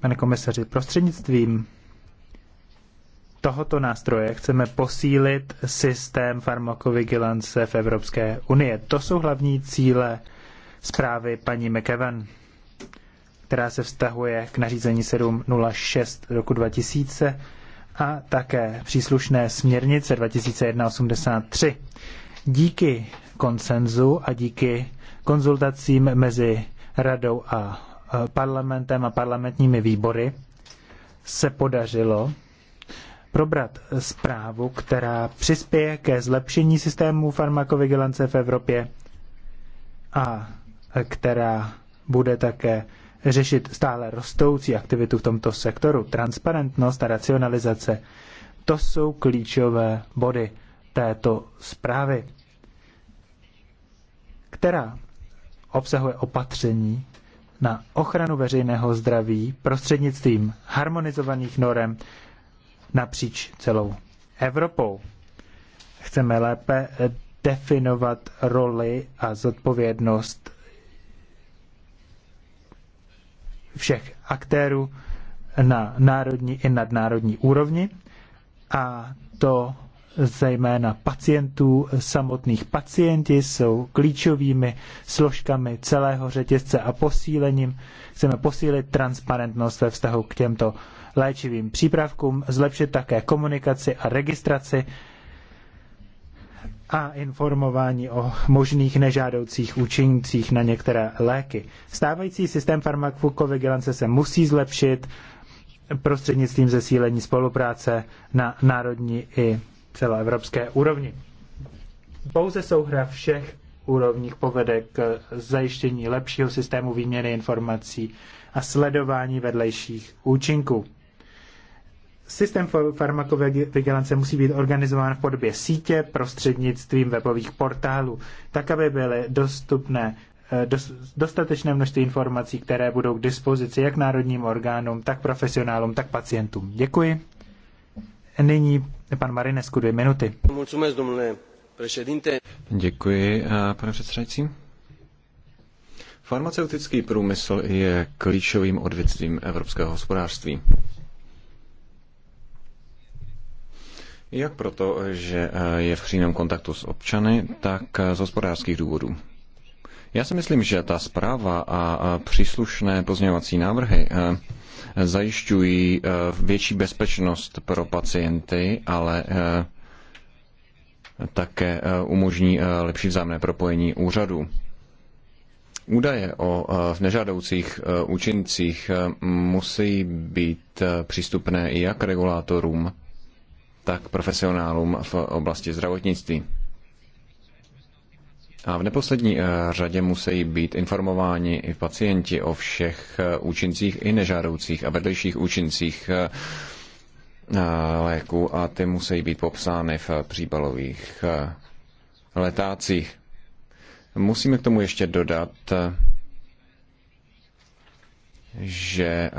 pane komisaři. Prostřednictvím tohoto nástroje chceme posílit systém farmakovigilance v Evropské unii. To jsou hlavní cíle zprávy paní McEwen, která se vztahuje k nařízení 706 roku 2000 a také příslušné směrnice 2001-83. Díky konsenzu a díky konzultacím mezi radou a e, parlamentem a parlamentními výbory se podařilo probrat zprávu, která přispěje ke zlepšení systému farmakovigilance v Evropě a e, která bude také řešit stále rostoucí aktivitu v tomto sektoru. Transparentnost a racionalizace, to jsou klíčové body této zprávy, která obsahuje opatření na ochranu veřejného zdraví prostřednictvím harmonizovaných norem napříč celou Evropou. Chceme lépe definovat roli a zodpovědnost všech aktérů na národní i nadnárodní úrovni a to zejména pacientů samotných. Pacienti jsou klíčovými složkami celého řetězce a posílením. Chceme posílit transparentnost ve vztahu k těmto léčivým přípravkům, zlepšit také komunikaci a registraci a informování o možných nežádoucích účincích na některé léky. Stávající systém farmakovigilance se musí zlepšit prostřednictvím zesílení spolupráce na národní i celoevropské úrovni. Pouze souhra všech úrovních povede k zajištění lepšího systému výměny informací a sledování vedlejších účinků. Systém farmakovigilance musí být organizován v podobě sítě prostřednictvím webových portálů, tak aby byly dostupné eh, dostatečné množství informací, které budou k dispozici jak národním orgánům, tak profesionálům, tak pacientům. Děkuji. Nyní pan Marinesku dvě minuty. Děkuji, eh, pane předsedající. Farmaceutický průmysl je klíčovým odvětvím evropského hospodářství. Jak proto, že eh, je v přímém kontaktu s občany, tak eh, z hospodářských důvodů. Já si myslím, že ta zpráva a příslušné pozměňovací návrhy eh, zajišťují větší bezpečnost pro pacienty, ale také umožní lepší vzájemné propojení úřadů. Údaje o nežádoucích účincích musí být přístupné jak regulátorům, tak profesionálům v oblasti zdravotnictví. A v neposlední eh, řadě musí být informováni i pacienti o všech eh, účincích i nežádoucích a vedlejších účincích eh, léku a ty musí být popsány v příbalových letácích. Musíme k tomu ještě dodat, že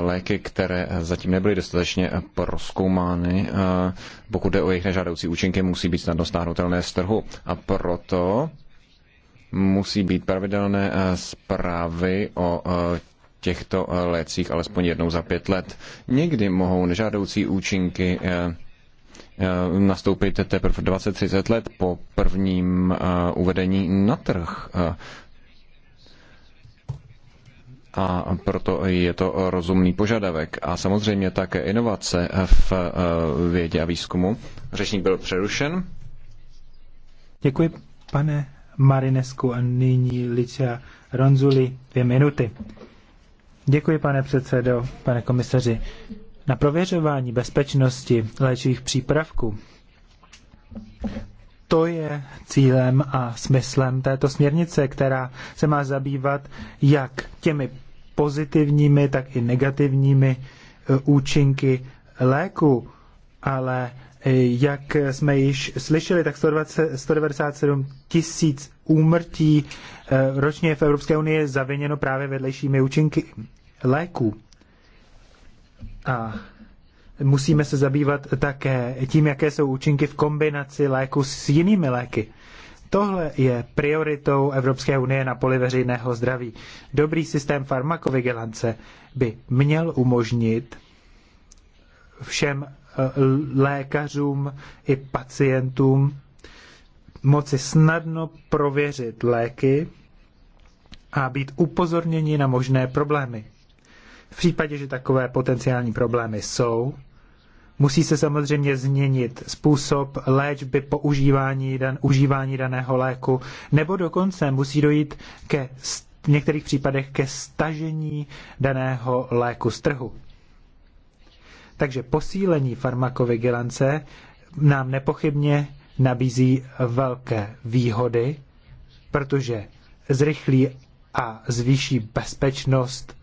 léky, které zatím nebyly dostatečně proskoumány, pokud jde o jejich nežádoucí účinky, musí být snadno stáhnutelné z trhu. A proto musí být pravidelné zprávy o těchto lécích alespoň jednou za pět let. Někdy mohou nežádoucí účinky eh, eh, nastoupit teprve 20-30 let po prvním eh, uvedení na trh a proto je to rozumný požadavek. A samozřejmě také inovace v eh, vědě a výzkumu. Řečník byl přerušen. Děkuji, pane Marinesku a nyní Licia Ronzuli dvě minuty. Děkuji, pane předsedo, pane komisaři. Na prověřování bezpečnosti léčivých přípravků to je cílem a smyslem této směrnice, která se má zabývat jak těmi pozitivními, tak i negativními e, účinky léku. Ale e, jak jsme již slyšeli, tak 120, 197 tisíc úmrtí e, ročně v Evropské unii je zaviněno právě vedlejšími účinky léků. A musíme se zabývat také tím, jaké jsou účinky v kombinaci léku s jinými léky. Tohle je prioritou Evropské unie na poli veřejného zdraví. Dobrý systém farmakovigilance by měl umožnit všem eh, lékařům i pacientům moci snadno prověřit léky a být upozorněni na možné problémy. V případě, že takové potenciální problémy jsou, Musí se samozřejmě změnit způsob léčby, používání dan, užívání daného léku, nebo dokonce musí dojít ke, v některých případech ke stažení daného léku z trhu. Takže posílení farmakovigilance nám nepochybně nabízí velké výhody, protože zrychlí a zvýší bezpečnost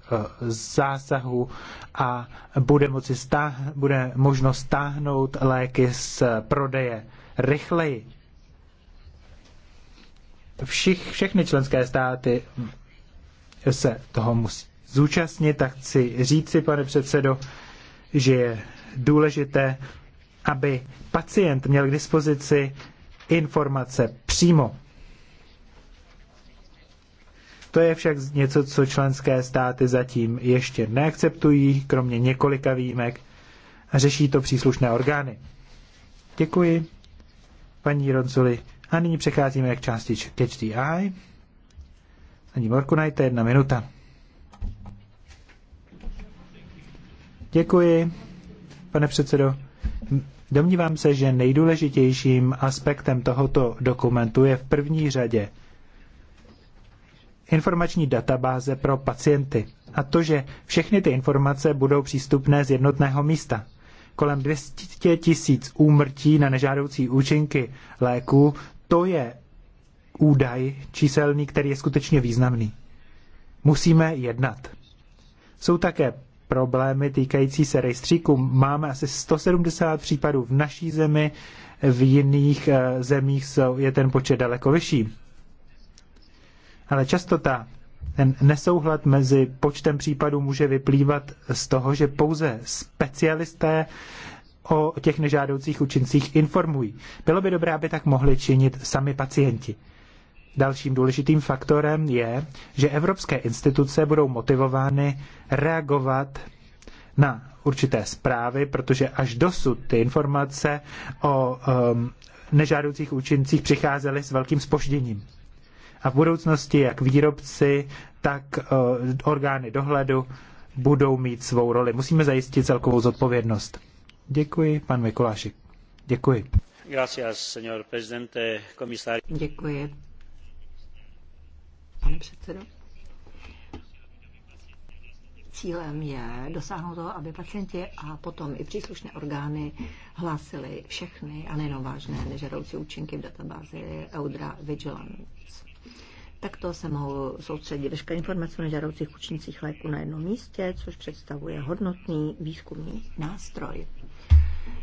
zásahu a bude, moci stáh, bude možno stáhnout léky z prodeje rychleji. Všich, všechny členské státy se toho musí zúčastnit, tak chci říci, pane předsedo, že je důležité, aby pacient měl k dispozici informace přímo to je však něco, co členské státy zatím ještě neakceptují, kromě několika výjimek, a řeší to příslušné orgány. Děkuji, paní Ronzuli. A nyní přecházíme k části Catch the Eye. Ani Morkunajte, jedna minuta. Děkuji, pane předsedo. Domnívám se, že nejdůležitějším aspektem tohoto dokumentu je v první řadě informační databáze pro pacienty a to, že všechny ty informace budou přístupné z jednotného místa. Kolem 200 tisíc úmrtí na nežádoucí účinky léků, to je údaj číselný, který je skutečně významný. Musíme jednat. Jsou také problémy týkající se rejstříku. Máme asi 170 případů v naší zemi, v jiných eh, zemích je ten počet daleko vyšší. Ale často ta, ten nesouhlad mezi počtem případů může vyplývat z toho, že pouze specialisté o těch nežádoucích účincích informují. Bylo by dobré, aby tak mohli činit sami pacienti. Dalším důležitým faktorem je, že evropské instituce budou motivovány reagovat na určité zprávy, protože až dosud ty informace o um, nežádoucích účincích přicházely s velkým spožděním. A v budoucnosti jak výrobci, tak eh, orgány dohledu budou mít svou roli. Musíme zajistit celkovou zodpovědnost. Děkuji, pan Mikulášik. Děkuji. Gracias, señor presidente, Děkuji. Pane předsedo. Cílem je dosáhnout toho, aby pacienti a potom i příslušné orgány hlásili všechny a nejenom vážné nežadoucí účinky v databázi Eudra Vigilance. Takto se mohou soustředit veškeré informace o nežádoucích účincích léku na jednom místě, což představuje hodnotný výzkumný nástroj.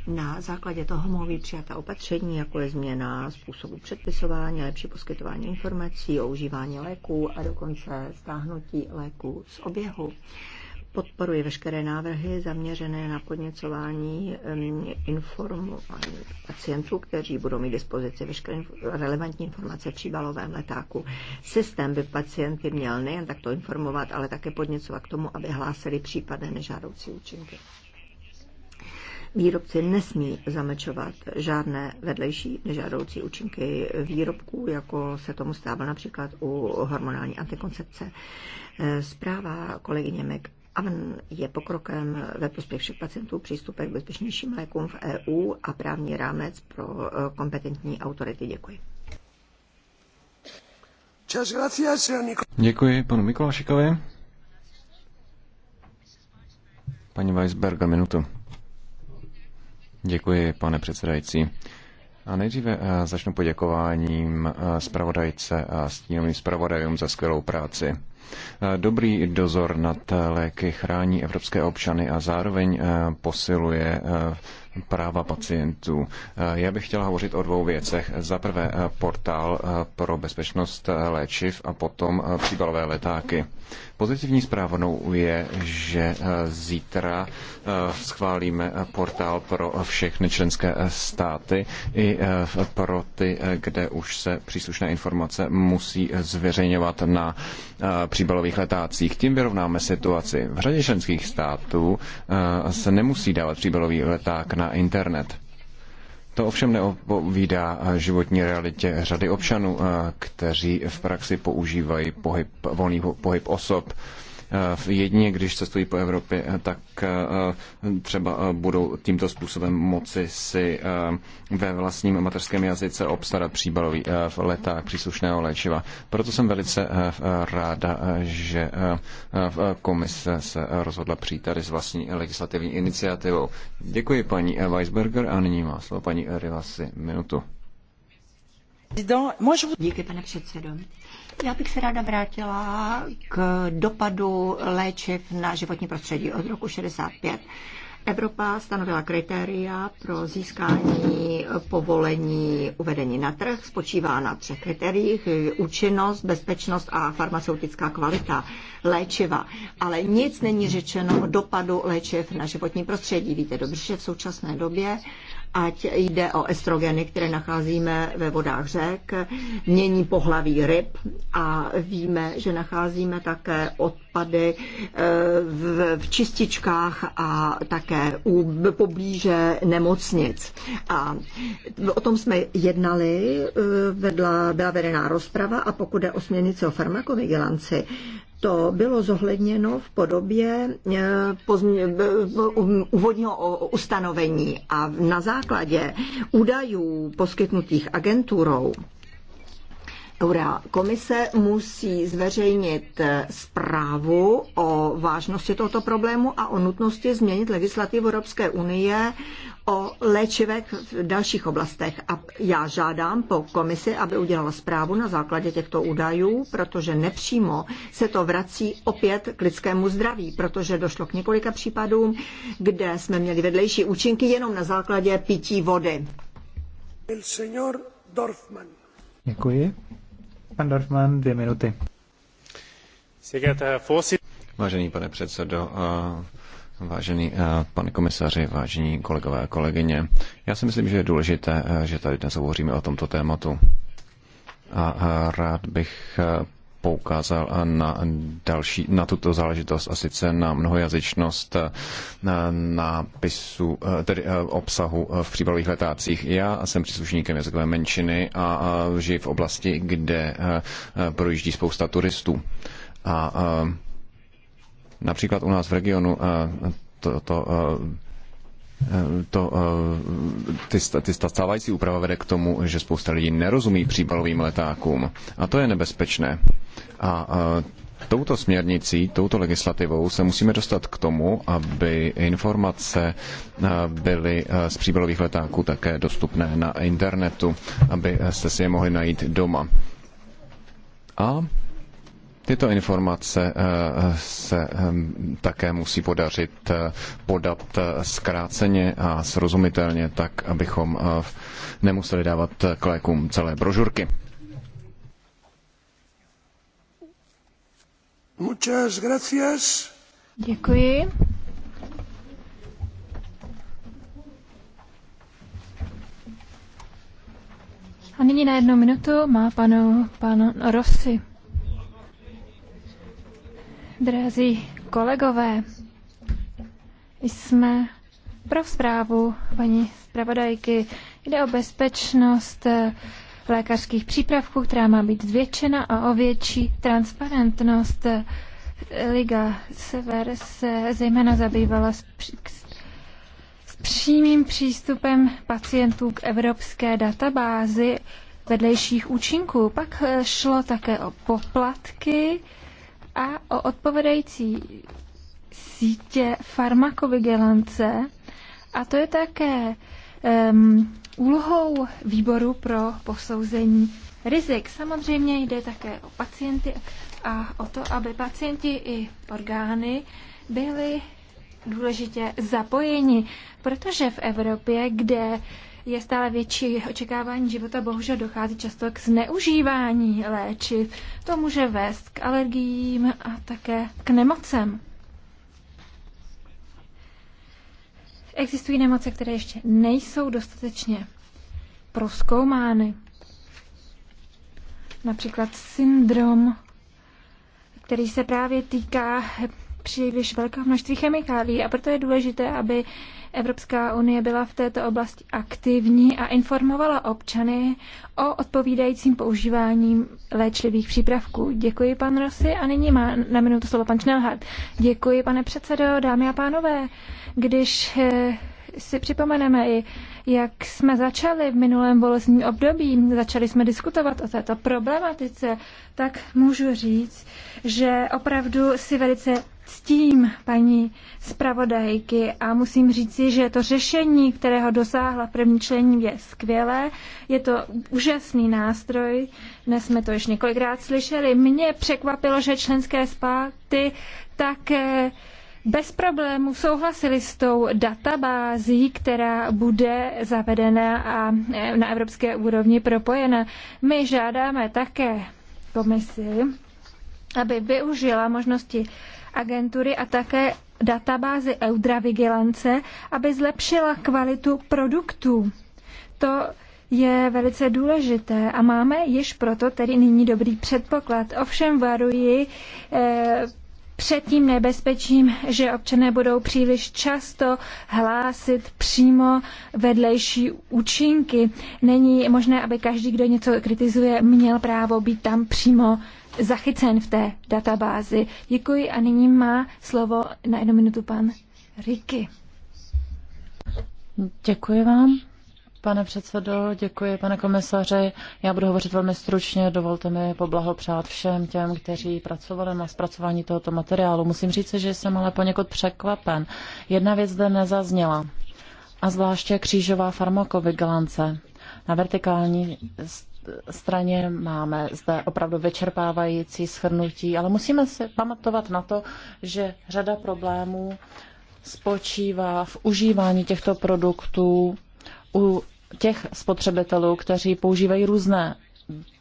Na základě toho mohou být přijata opatření, jako je změna způsobu předpisování, lepší poskytování informací o užívání léků a dokonce stáhnutí léků z oběhu podporuji veškeré návrhy zaměřené na podněcování informování pacientů, kteří budou mít dispozici veškeré relevantní informace při balovém letáku. Systém by pacienty měl nejen takto informovat, ale také podněcovat k tomu, aby hlásili případné nežádoucí účinky. Výrobci nesmí zamečovat žádné vedlejší nežádoucí účinky výrobků, jako se tomu stává například u hormonální antikoncepce. Eh, zpráva kolegyně Mek AMN je pokrokem ve prospěch všech pacientů, přístupek k bezpečnějším lékům v EU a právní rámec pro e, kompetentní autority. Děkuji. Děkuji panu Mikulášikovi. Paní Weisberga, minutu. Děkuji, pane předsedající. A nejdříve e, začnu poděkováním e, zpravodajce a stínovým zpravodajům za skvělou práci. Eh, dobrý dozor nad eh, léky chrání evropské občany a zároveň eh, posiluje práva pacientů. Já bych chtěla hovořit o dvou věcech. Za prvé portál pro bezpečnost léčiv a potom příbalové letáky. Pozitivní zprávou je, že zítra schválíme portál pro všechny členské státy i pro ty, kde už se příslušné informace musí zveřejňovat na příbalových letácích. Tím vyrovnáme situaci. V řadě členských států eh, se nemusí dávat příbalový leták na internet. To ovšem neopovídá eh, životní realitě řady občanů, eh, kteří v praxi používají pohyb, volný pohyb osob Jedině, když cestují po Evropě, eh, tak eh, třeba eh, budou tímto způsobem moci si ve vlastním mateřském jazyce obstarat příbalový leták příslušného léčiva. Proto jsem velice ráda, že komise se rozhodla přijít tady s vlastní legislativní iniciativou. Děkuji paní Weisberger a nyní má slovo paní Rivasi minutu. Díky, pane předsedo. Já bych se ráda vrátila k dopadu léčiv na životní prostředí od roku 65. Evropa stanovila kritéria pro získání povolení uvedení na trh. Spočívá na třech kritériích. Účinnost, bezpečnost a farmaceutická kvalita léčiva. Ale nic není řečeno o dopadu léčiv na životní prostředí. Víte dobře, že v současné době ať jde o estrogeny, které nacházíme ve vodách řek, mění pohlaví ryb a víme, že nacházíme také odpady eh, v, čističkách a také u, poblíže nemocnic. A o tom jsme jednali, eh, vedla, byla vedená rozprava a pokud je o směrnici o farmakovigilanci, to bylo zohledněno v podobě eh, eh, úvodního ustanovení a na základě údajů poskytnutých agenturou Eurá komise musí zveřejnit eh, zprávu o vážnosti tohoto problému a o nutnosti změnit legislativu Evropské unie o léčivek v dalších oblastech. A já žádám po komisi, aby udělala zprávu na základě těchto údajů, protože nepřímo se to vrací opět k lidskému zdraví, protože došlo k několika případům, kde jsme měli vedlejší účinky jenom na základě pití vody. El señor Dorfman. Děkuji. Pan Dorfman, dvě minuty. Vážený pane předsedo, Vážený eh, pane komisaři, vážení kolegové a kolegyně, já si myslím, že je důležité, eh, že tady dnes hovoříme o tomto tématu. A eh, rád bych poukázal na další, na tuto záležitost a sice na mnohojazyčnost nápisu, tedy obsahu v příbalových letácích. Já jsem příslušníkem jazykové menšiny a žiji v oblasti, kde projíždí spousta turistů. A Například u nás v regionu eh, to, to eh, to, eh, ty, ty, ta stávající úprava vede k tomu, že spousta lidí nerozumí příbalovým letákům a to je nebezpečné. A, a touto směrnicí, touto legislativou se musíme dostat k tomu, aby informace byly z příbalových letáků také dostupné na internetu, aby jste si je mohli najít doma. A Tyto informace eh, se ehm, také musí podařit eh, podat eh, zkráceně a srozumitelně, tak abychom nemuseli dávat k lékům celé brožurky. Muchas gracias. Děkuji. A nyní na jednu minutu má panu, pan Rossi. Drazí kolegové, jsme pro zprávu paní zpravodajky. Jde o bezpečnost eh, lékařských přípravků, která má být zvětšena a o větší transparentnost. Eh, Liga Sever se zejména zabývala s, s přímým přístupem pacientů k evropské databázi vedlejších účinků. Pak eh, šlo také o poplatky, a o odpovědající sítě farmakovigilance. A to je také um, úlohou výboru pro posouzení rizik. Samozřejmě jde také o pacienty a o to, aby pacienti i orgány byly důležitě zapojeni, protože v Evropě, kde je stále větší očekávání života, bohužel dochází často k zneužívání léčiv. To může vést k alergiím a také k nemocem. Existují nemoce, které ještě nejsou dostatečně proskoumány. Například syndrom, který se právě týká příliš velkého množství chemikálí a proto je důležité, aby Evropská unie byla v této oblasti aktivní a informovala občany o odpovídajícím používání léčlivých přípravků. Děkuji, pan Rosy, a nyní má na minutu slovo pan Schnellhardt. Děkuji, pane předsedo, dámy a pánové. Když eh, si připomeneme i, jak jsme začali v minulém volebním období, začali jsme diskutovat o této problematice, tak můžu říct, že opravdu si velice ctím paní zpravodajky a musím říci, že to řešení, kterého dosáhla v první člení, je skvělé. Je to úžasný nástroj. Dnes jsme to již několikrát slyšeli. Mě překvapilo, že členské spáty také bez problémů souhlasili s tou databází, která bude zavedena a e, na evropské úrovni propojena. My žádáme také komisi, aby využila možnosti agentury a také databázi Eudravigilance, aby zlepšila kvalitu produktů. To je velice důležité a máme již proto tedy nyní dobrý předpoklad. Ovšem varuji eh, před tím nebezpečím, že občané budou příliš často hlásit přímo vedlejší účinky. Není možné, aby každý, kdo něco kritizuje, měl právo být tam přímo zachycen v té databázi. Děkuji a nyní má slovo na jednu minutu pan Riky. Děkuji vám. Pane předsedo, děkuji, pane komisaři. Já budu hovořit velmi stručně. Dovolte mi poblahopřát všem těm, kteří pracovali na zpracování tohoto materiálu. Musím říct, že jsem ale poněkud překvapen. Jedna věc zde nezazněla, a zvláště křížová farmakovigilance. Na vertikální straně máme zde opravdu vyčerpávající shrnutí, ale musíme si pamatovat na to, že řada problémů spočívá v užívání těchto produktů u těch spotřebitelů, kteří používají různé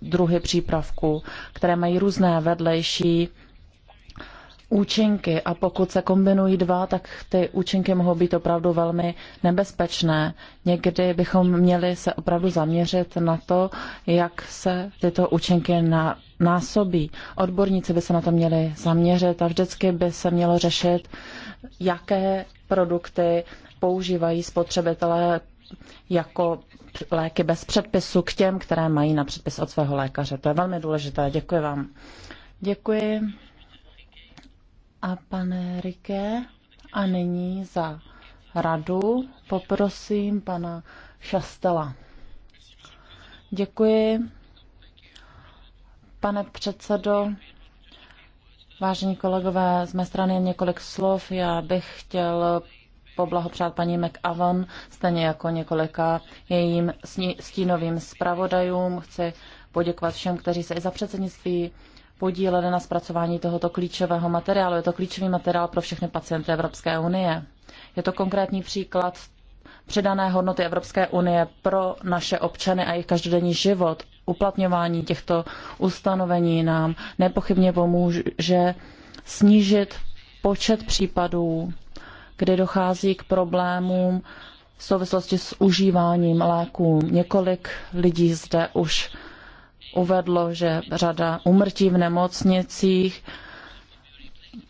druhy přípravků, které mají různé vedlejší účinky a pokud se kombinují dva, tak ty účinky mohou být opravdu velmi nebezpečné. Někdy bychom měli se opravdu zaměřit na to, jak se tyto účinky na, násobí. Odborníci by se na to měli zaměřit a vždycky by se mělo řešit, jaké produkty používají spotřebitelé jako léky bez předpisu k těm, které mají na předpis od svého lékaře. To je velmi důležité. Děkuji vám. Děkuji a pane Rike. A nyní za radu poprosím pana Šastela. Děkuji, pane předsedo. Vážení kolegové, z mé strany několik slov. Já bych chtěl poblahopřát paní McAvon, stejně jako několika jejím stínovým zpravodajům. Chci poděkovat všem, kteří se i za předsednictví podíleli na zpracování tohoto klíčového materiálu. Je to klíčový materiál pro všechny pacienty Evropské unie. Je to konkrétní příklad předané hodnoty Evropské unie pro naše občany a jejich každodenní život. Uplatňování těchto ustanovení nám nepochybně pomůže snížit počet případů, kdy dochází k problémům v souvislosti s užíváním léků. Několik lidí zde už uvedlo, že řada umrtí v nemocnicích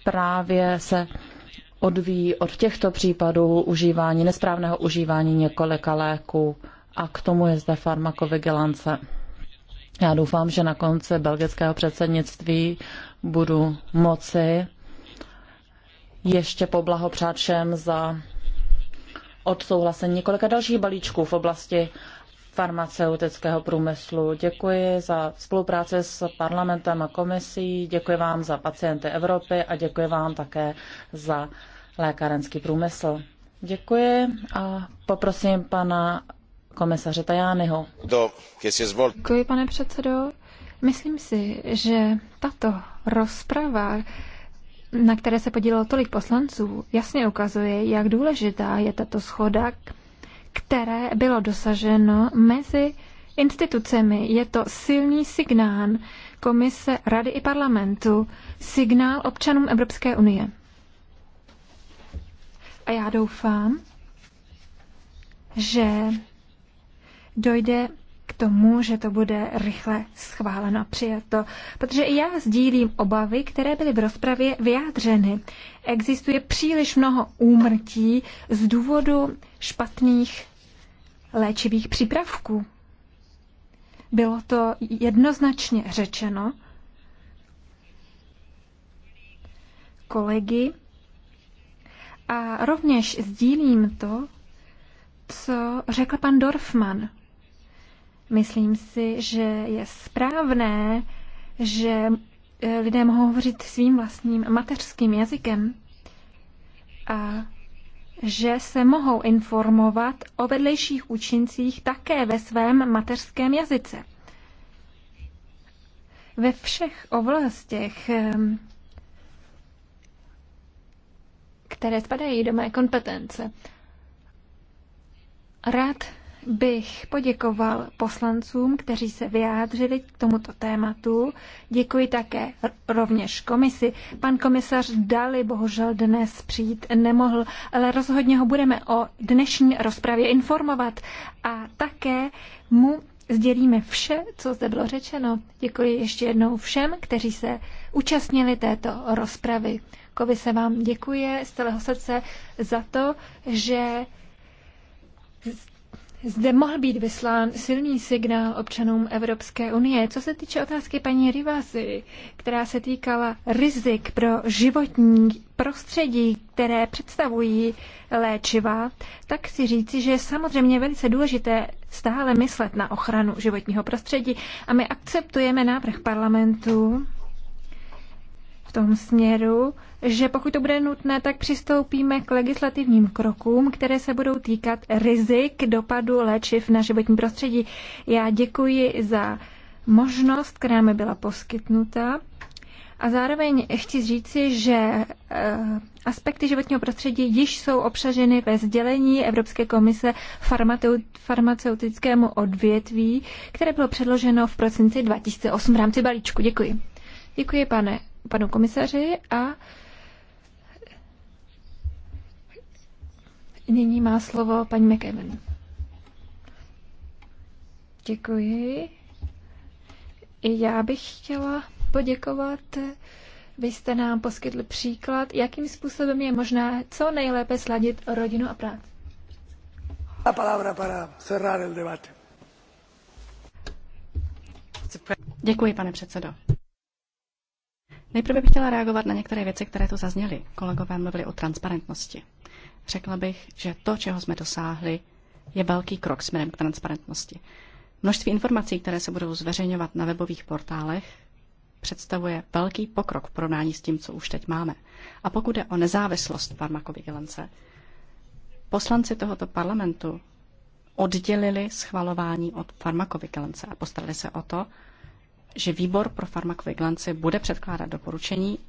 právě se odvíjí od těchto případů užívání, nesprávného užívání několika léků a k tomu je zde farmakovigilance. Já doufám, že na konci belgického předsednictví budu moci ještě poblahopřát všem za odsouhlasení několika dalších balíčků v oblasti farmaceutického průmyslu. Děkuji za spolupráci s parlamentem a komisí, děkuji vám za pacienty Evropy a děkuji vám také za lékárenský průmysl. Děkuji a poprosím pana komisaře Tajányho. Děkuji, pane předsedo. Myslím si, že tato rozprava na které se podílelo tolik poslanců, jasně ukazuje, jak důležitá je tato schoda které bylo dosaženo mezi institucemi. Je to silný signál komise, rady i parlamentu, signál občanům Evropské unie. A já doufám, že dojde tomu, že to bude rychle schváleno a přijato, protože i já sdílím obavy, které byly v rozpravě vyjádřeny. Existuje příliš mnoho úmrtí z důvodu špatných léčivých přípravků. Bylo to jednoznačně řečeno kolegy a rovněž sdílím to, co řekl pan Dorfman – Myslím si, že je správné, že e, lidé mohou hovořit svým vlastním mateřským jazykem a že se mohou informovat o vedlejších účincích také ve svém mateřském jazyce. Ve všech oblastech, e, které spadají do mé kompetence, rád bych poděkoval poslancům, kteří se vyjádřili k tomuto tématu. Děkuji také rovněž komisi. Pan komisař Dali bohužel dnes přijít nemohl, ale rozhodně ho budeme o dnešní rozpravě informovat a také mu sdělíme vše, co zde bylo řečeno. Děkuji ještě jednou všem, kteří se účastnili této rozpravy. Kovi se vám děkuje z celého srdce za to, že zde mohl být vyslán silný signál občanům Evropské unie. Co se týče otázky paní Rivasy, která se týkala rizik pro životní prostředí, které představují léčiva, tak si říci, že je samozřejmě velice důležité stále myslet na ochranu životního prostředí a my akceptujeme návrh parlamentu tom směru, že pokud to bude nutné, tak přistoupíme k legislativním krokům, které se budou týkat rizik dopadu léčiv na životní prostředí. Já děkuji za možnost, která mi byla poskytnuta. A zároveň chci říci, že eh, aspekty životního prostředí již jsou obsaženy ve sdělení Evropské komise farmaceutickému odvětví, které bylo předloženo v prosinci 2008 v rámci balíčku. Děkuji. Děkuji, pane panu komisaři a nyní má slovo paní McEwen. Děkuji. I já bych chtěla poděkovat. Vy jste nám poskytl příklad, jakým způsobem je možné co nejlépe sladit rodinu a práci. La palabra para cerrar el debate. Děkuji, pane předsedo. Nejprve bych chtěla reagovat na některé věci, které tu zazněly. Kolegové mluvili o transparentnosti. Řekla bych, že to, čeho jsme dosáhli, je velký krok směrem k transparentnosti. Množství informací, které se budou zveřejňovat na webových portálech, představuje velký pokrok v porovnání s tím, co už teď máme. A pokud je o nezávislost farmakovigilance, poslanci tohoto parlamentu oddělili schvalování od farmakovigilance a postarali se o to, že výbor pro farmakovigilanci bude předkládat doporučení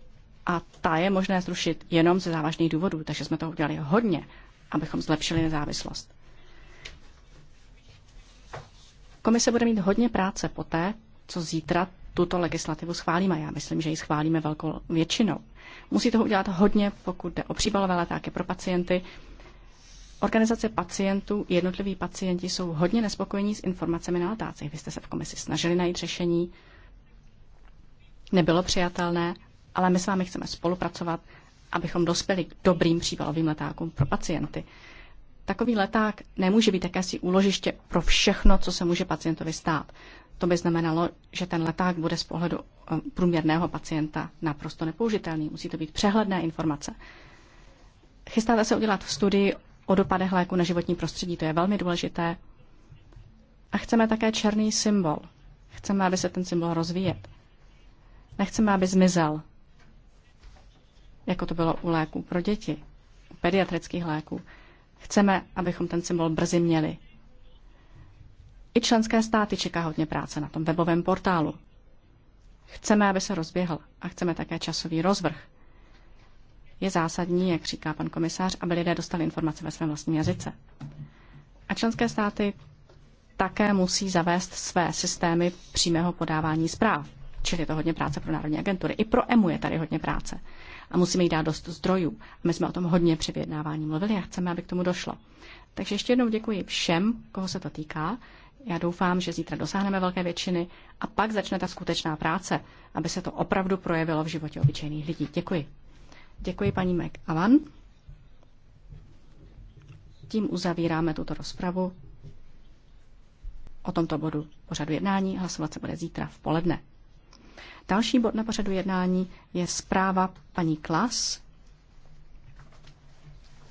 a ta je možné zrušit jenom ze závažných důvodů, takže jsme to udělali hodně, abychom zlepšili nezávislost. Komise bude mít hodně práce poté, co zítra tuto legislativu schválíme. Já myslím, že ji schválíme velkou většinou. Musí toho udělat hodně, pokud jde o příbalové letáky pro pacienty. Organizace pacientů, jednotliví pacienti jsou hodně nespokojení s informacemi na letácích. Vy jste se v komisi snažili najít řešení, nebylo přijatelné, ale my s vámi chceme spolupracovat, abychom dospěli k dobrým příbalovým letákům pro pacienty. Takový leták nemůže být jakési úložiště pro všechno, co se může pacientovi stát. To by znamenalo, že ten leták bude z pohledu eh, průměrného pacienta naprosto nepoužitelný. Musí to být přehledné informace. Chystáte se udělat v studii o dopadech léku na životní prostředí, to je velmi důležité. A chceme také černý symbol. Chceme, aby se ten symbol rozvíjet. Nechceme, aby zmizel, jako to bylo u léků pro děti, u pediatrických léků. Chceme, abychom ten symbol brzy měli. I členské státy čeká hodně práce na tom webovém portálu. Chceme, aby se rozběhl a chceme také časový rozvrh. Je zásadní, jak říká pan komisář, aby lidé dostali informace ve svém vlastním jazyce. A členské státy také musí zavést své systémy přímého podávání zpráv. Čili je to hodně práce pro národní agentury. I pro EMU je tady hodně práce. A musíme jí dát dost zdrojů. A my jsme o tom hodně při vyjednávání mluvili a chceme, aby k tomu došlo. Takže ještě jednou děkuji všem, koho se to týká. Já doufám, že zítra dosáhneme velké většiny a pak začne ta skutečná práce, aby se to opravdu projevilo v životě obyčejných lidí. Děkuji. Děkuji paní McAvan. Tím uzavíráme tuto rozpravu o tomto bodu pořadu jednání. Hlasovat se bude zítra v poledne. Další bod na pořadu jednání je zpráva paní Klas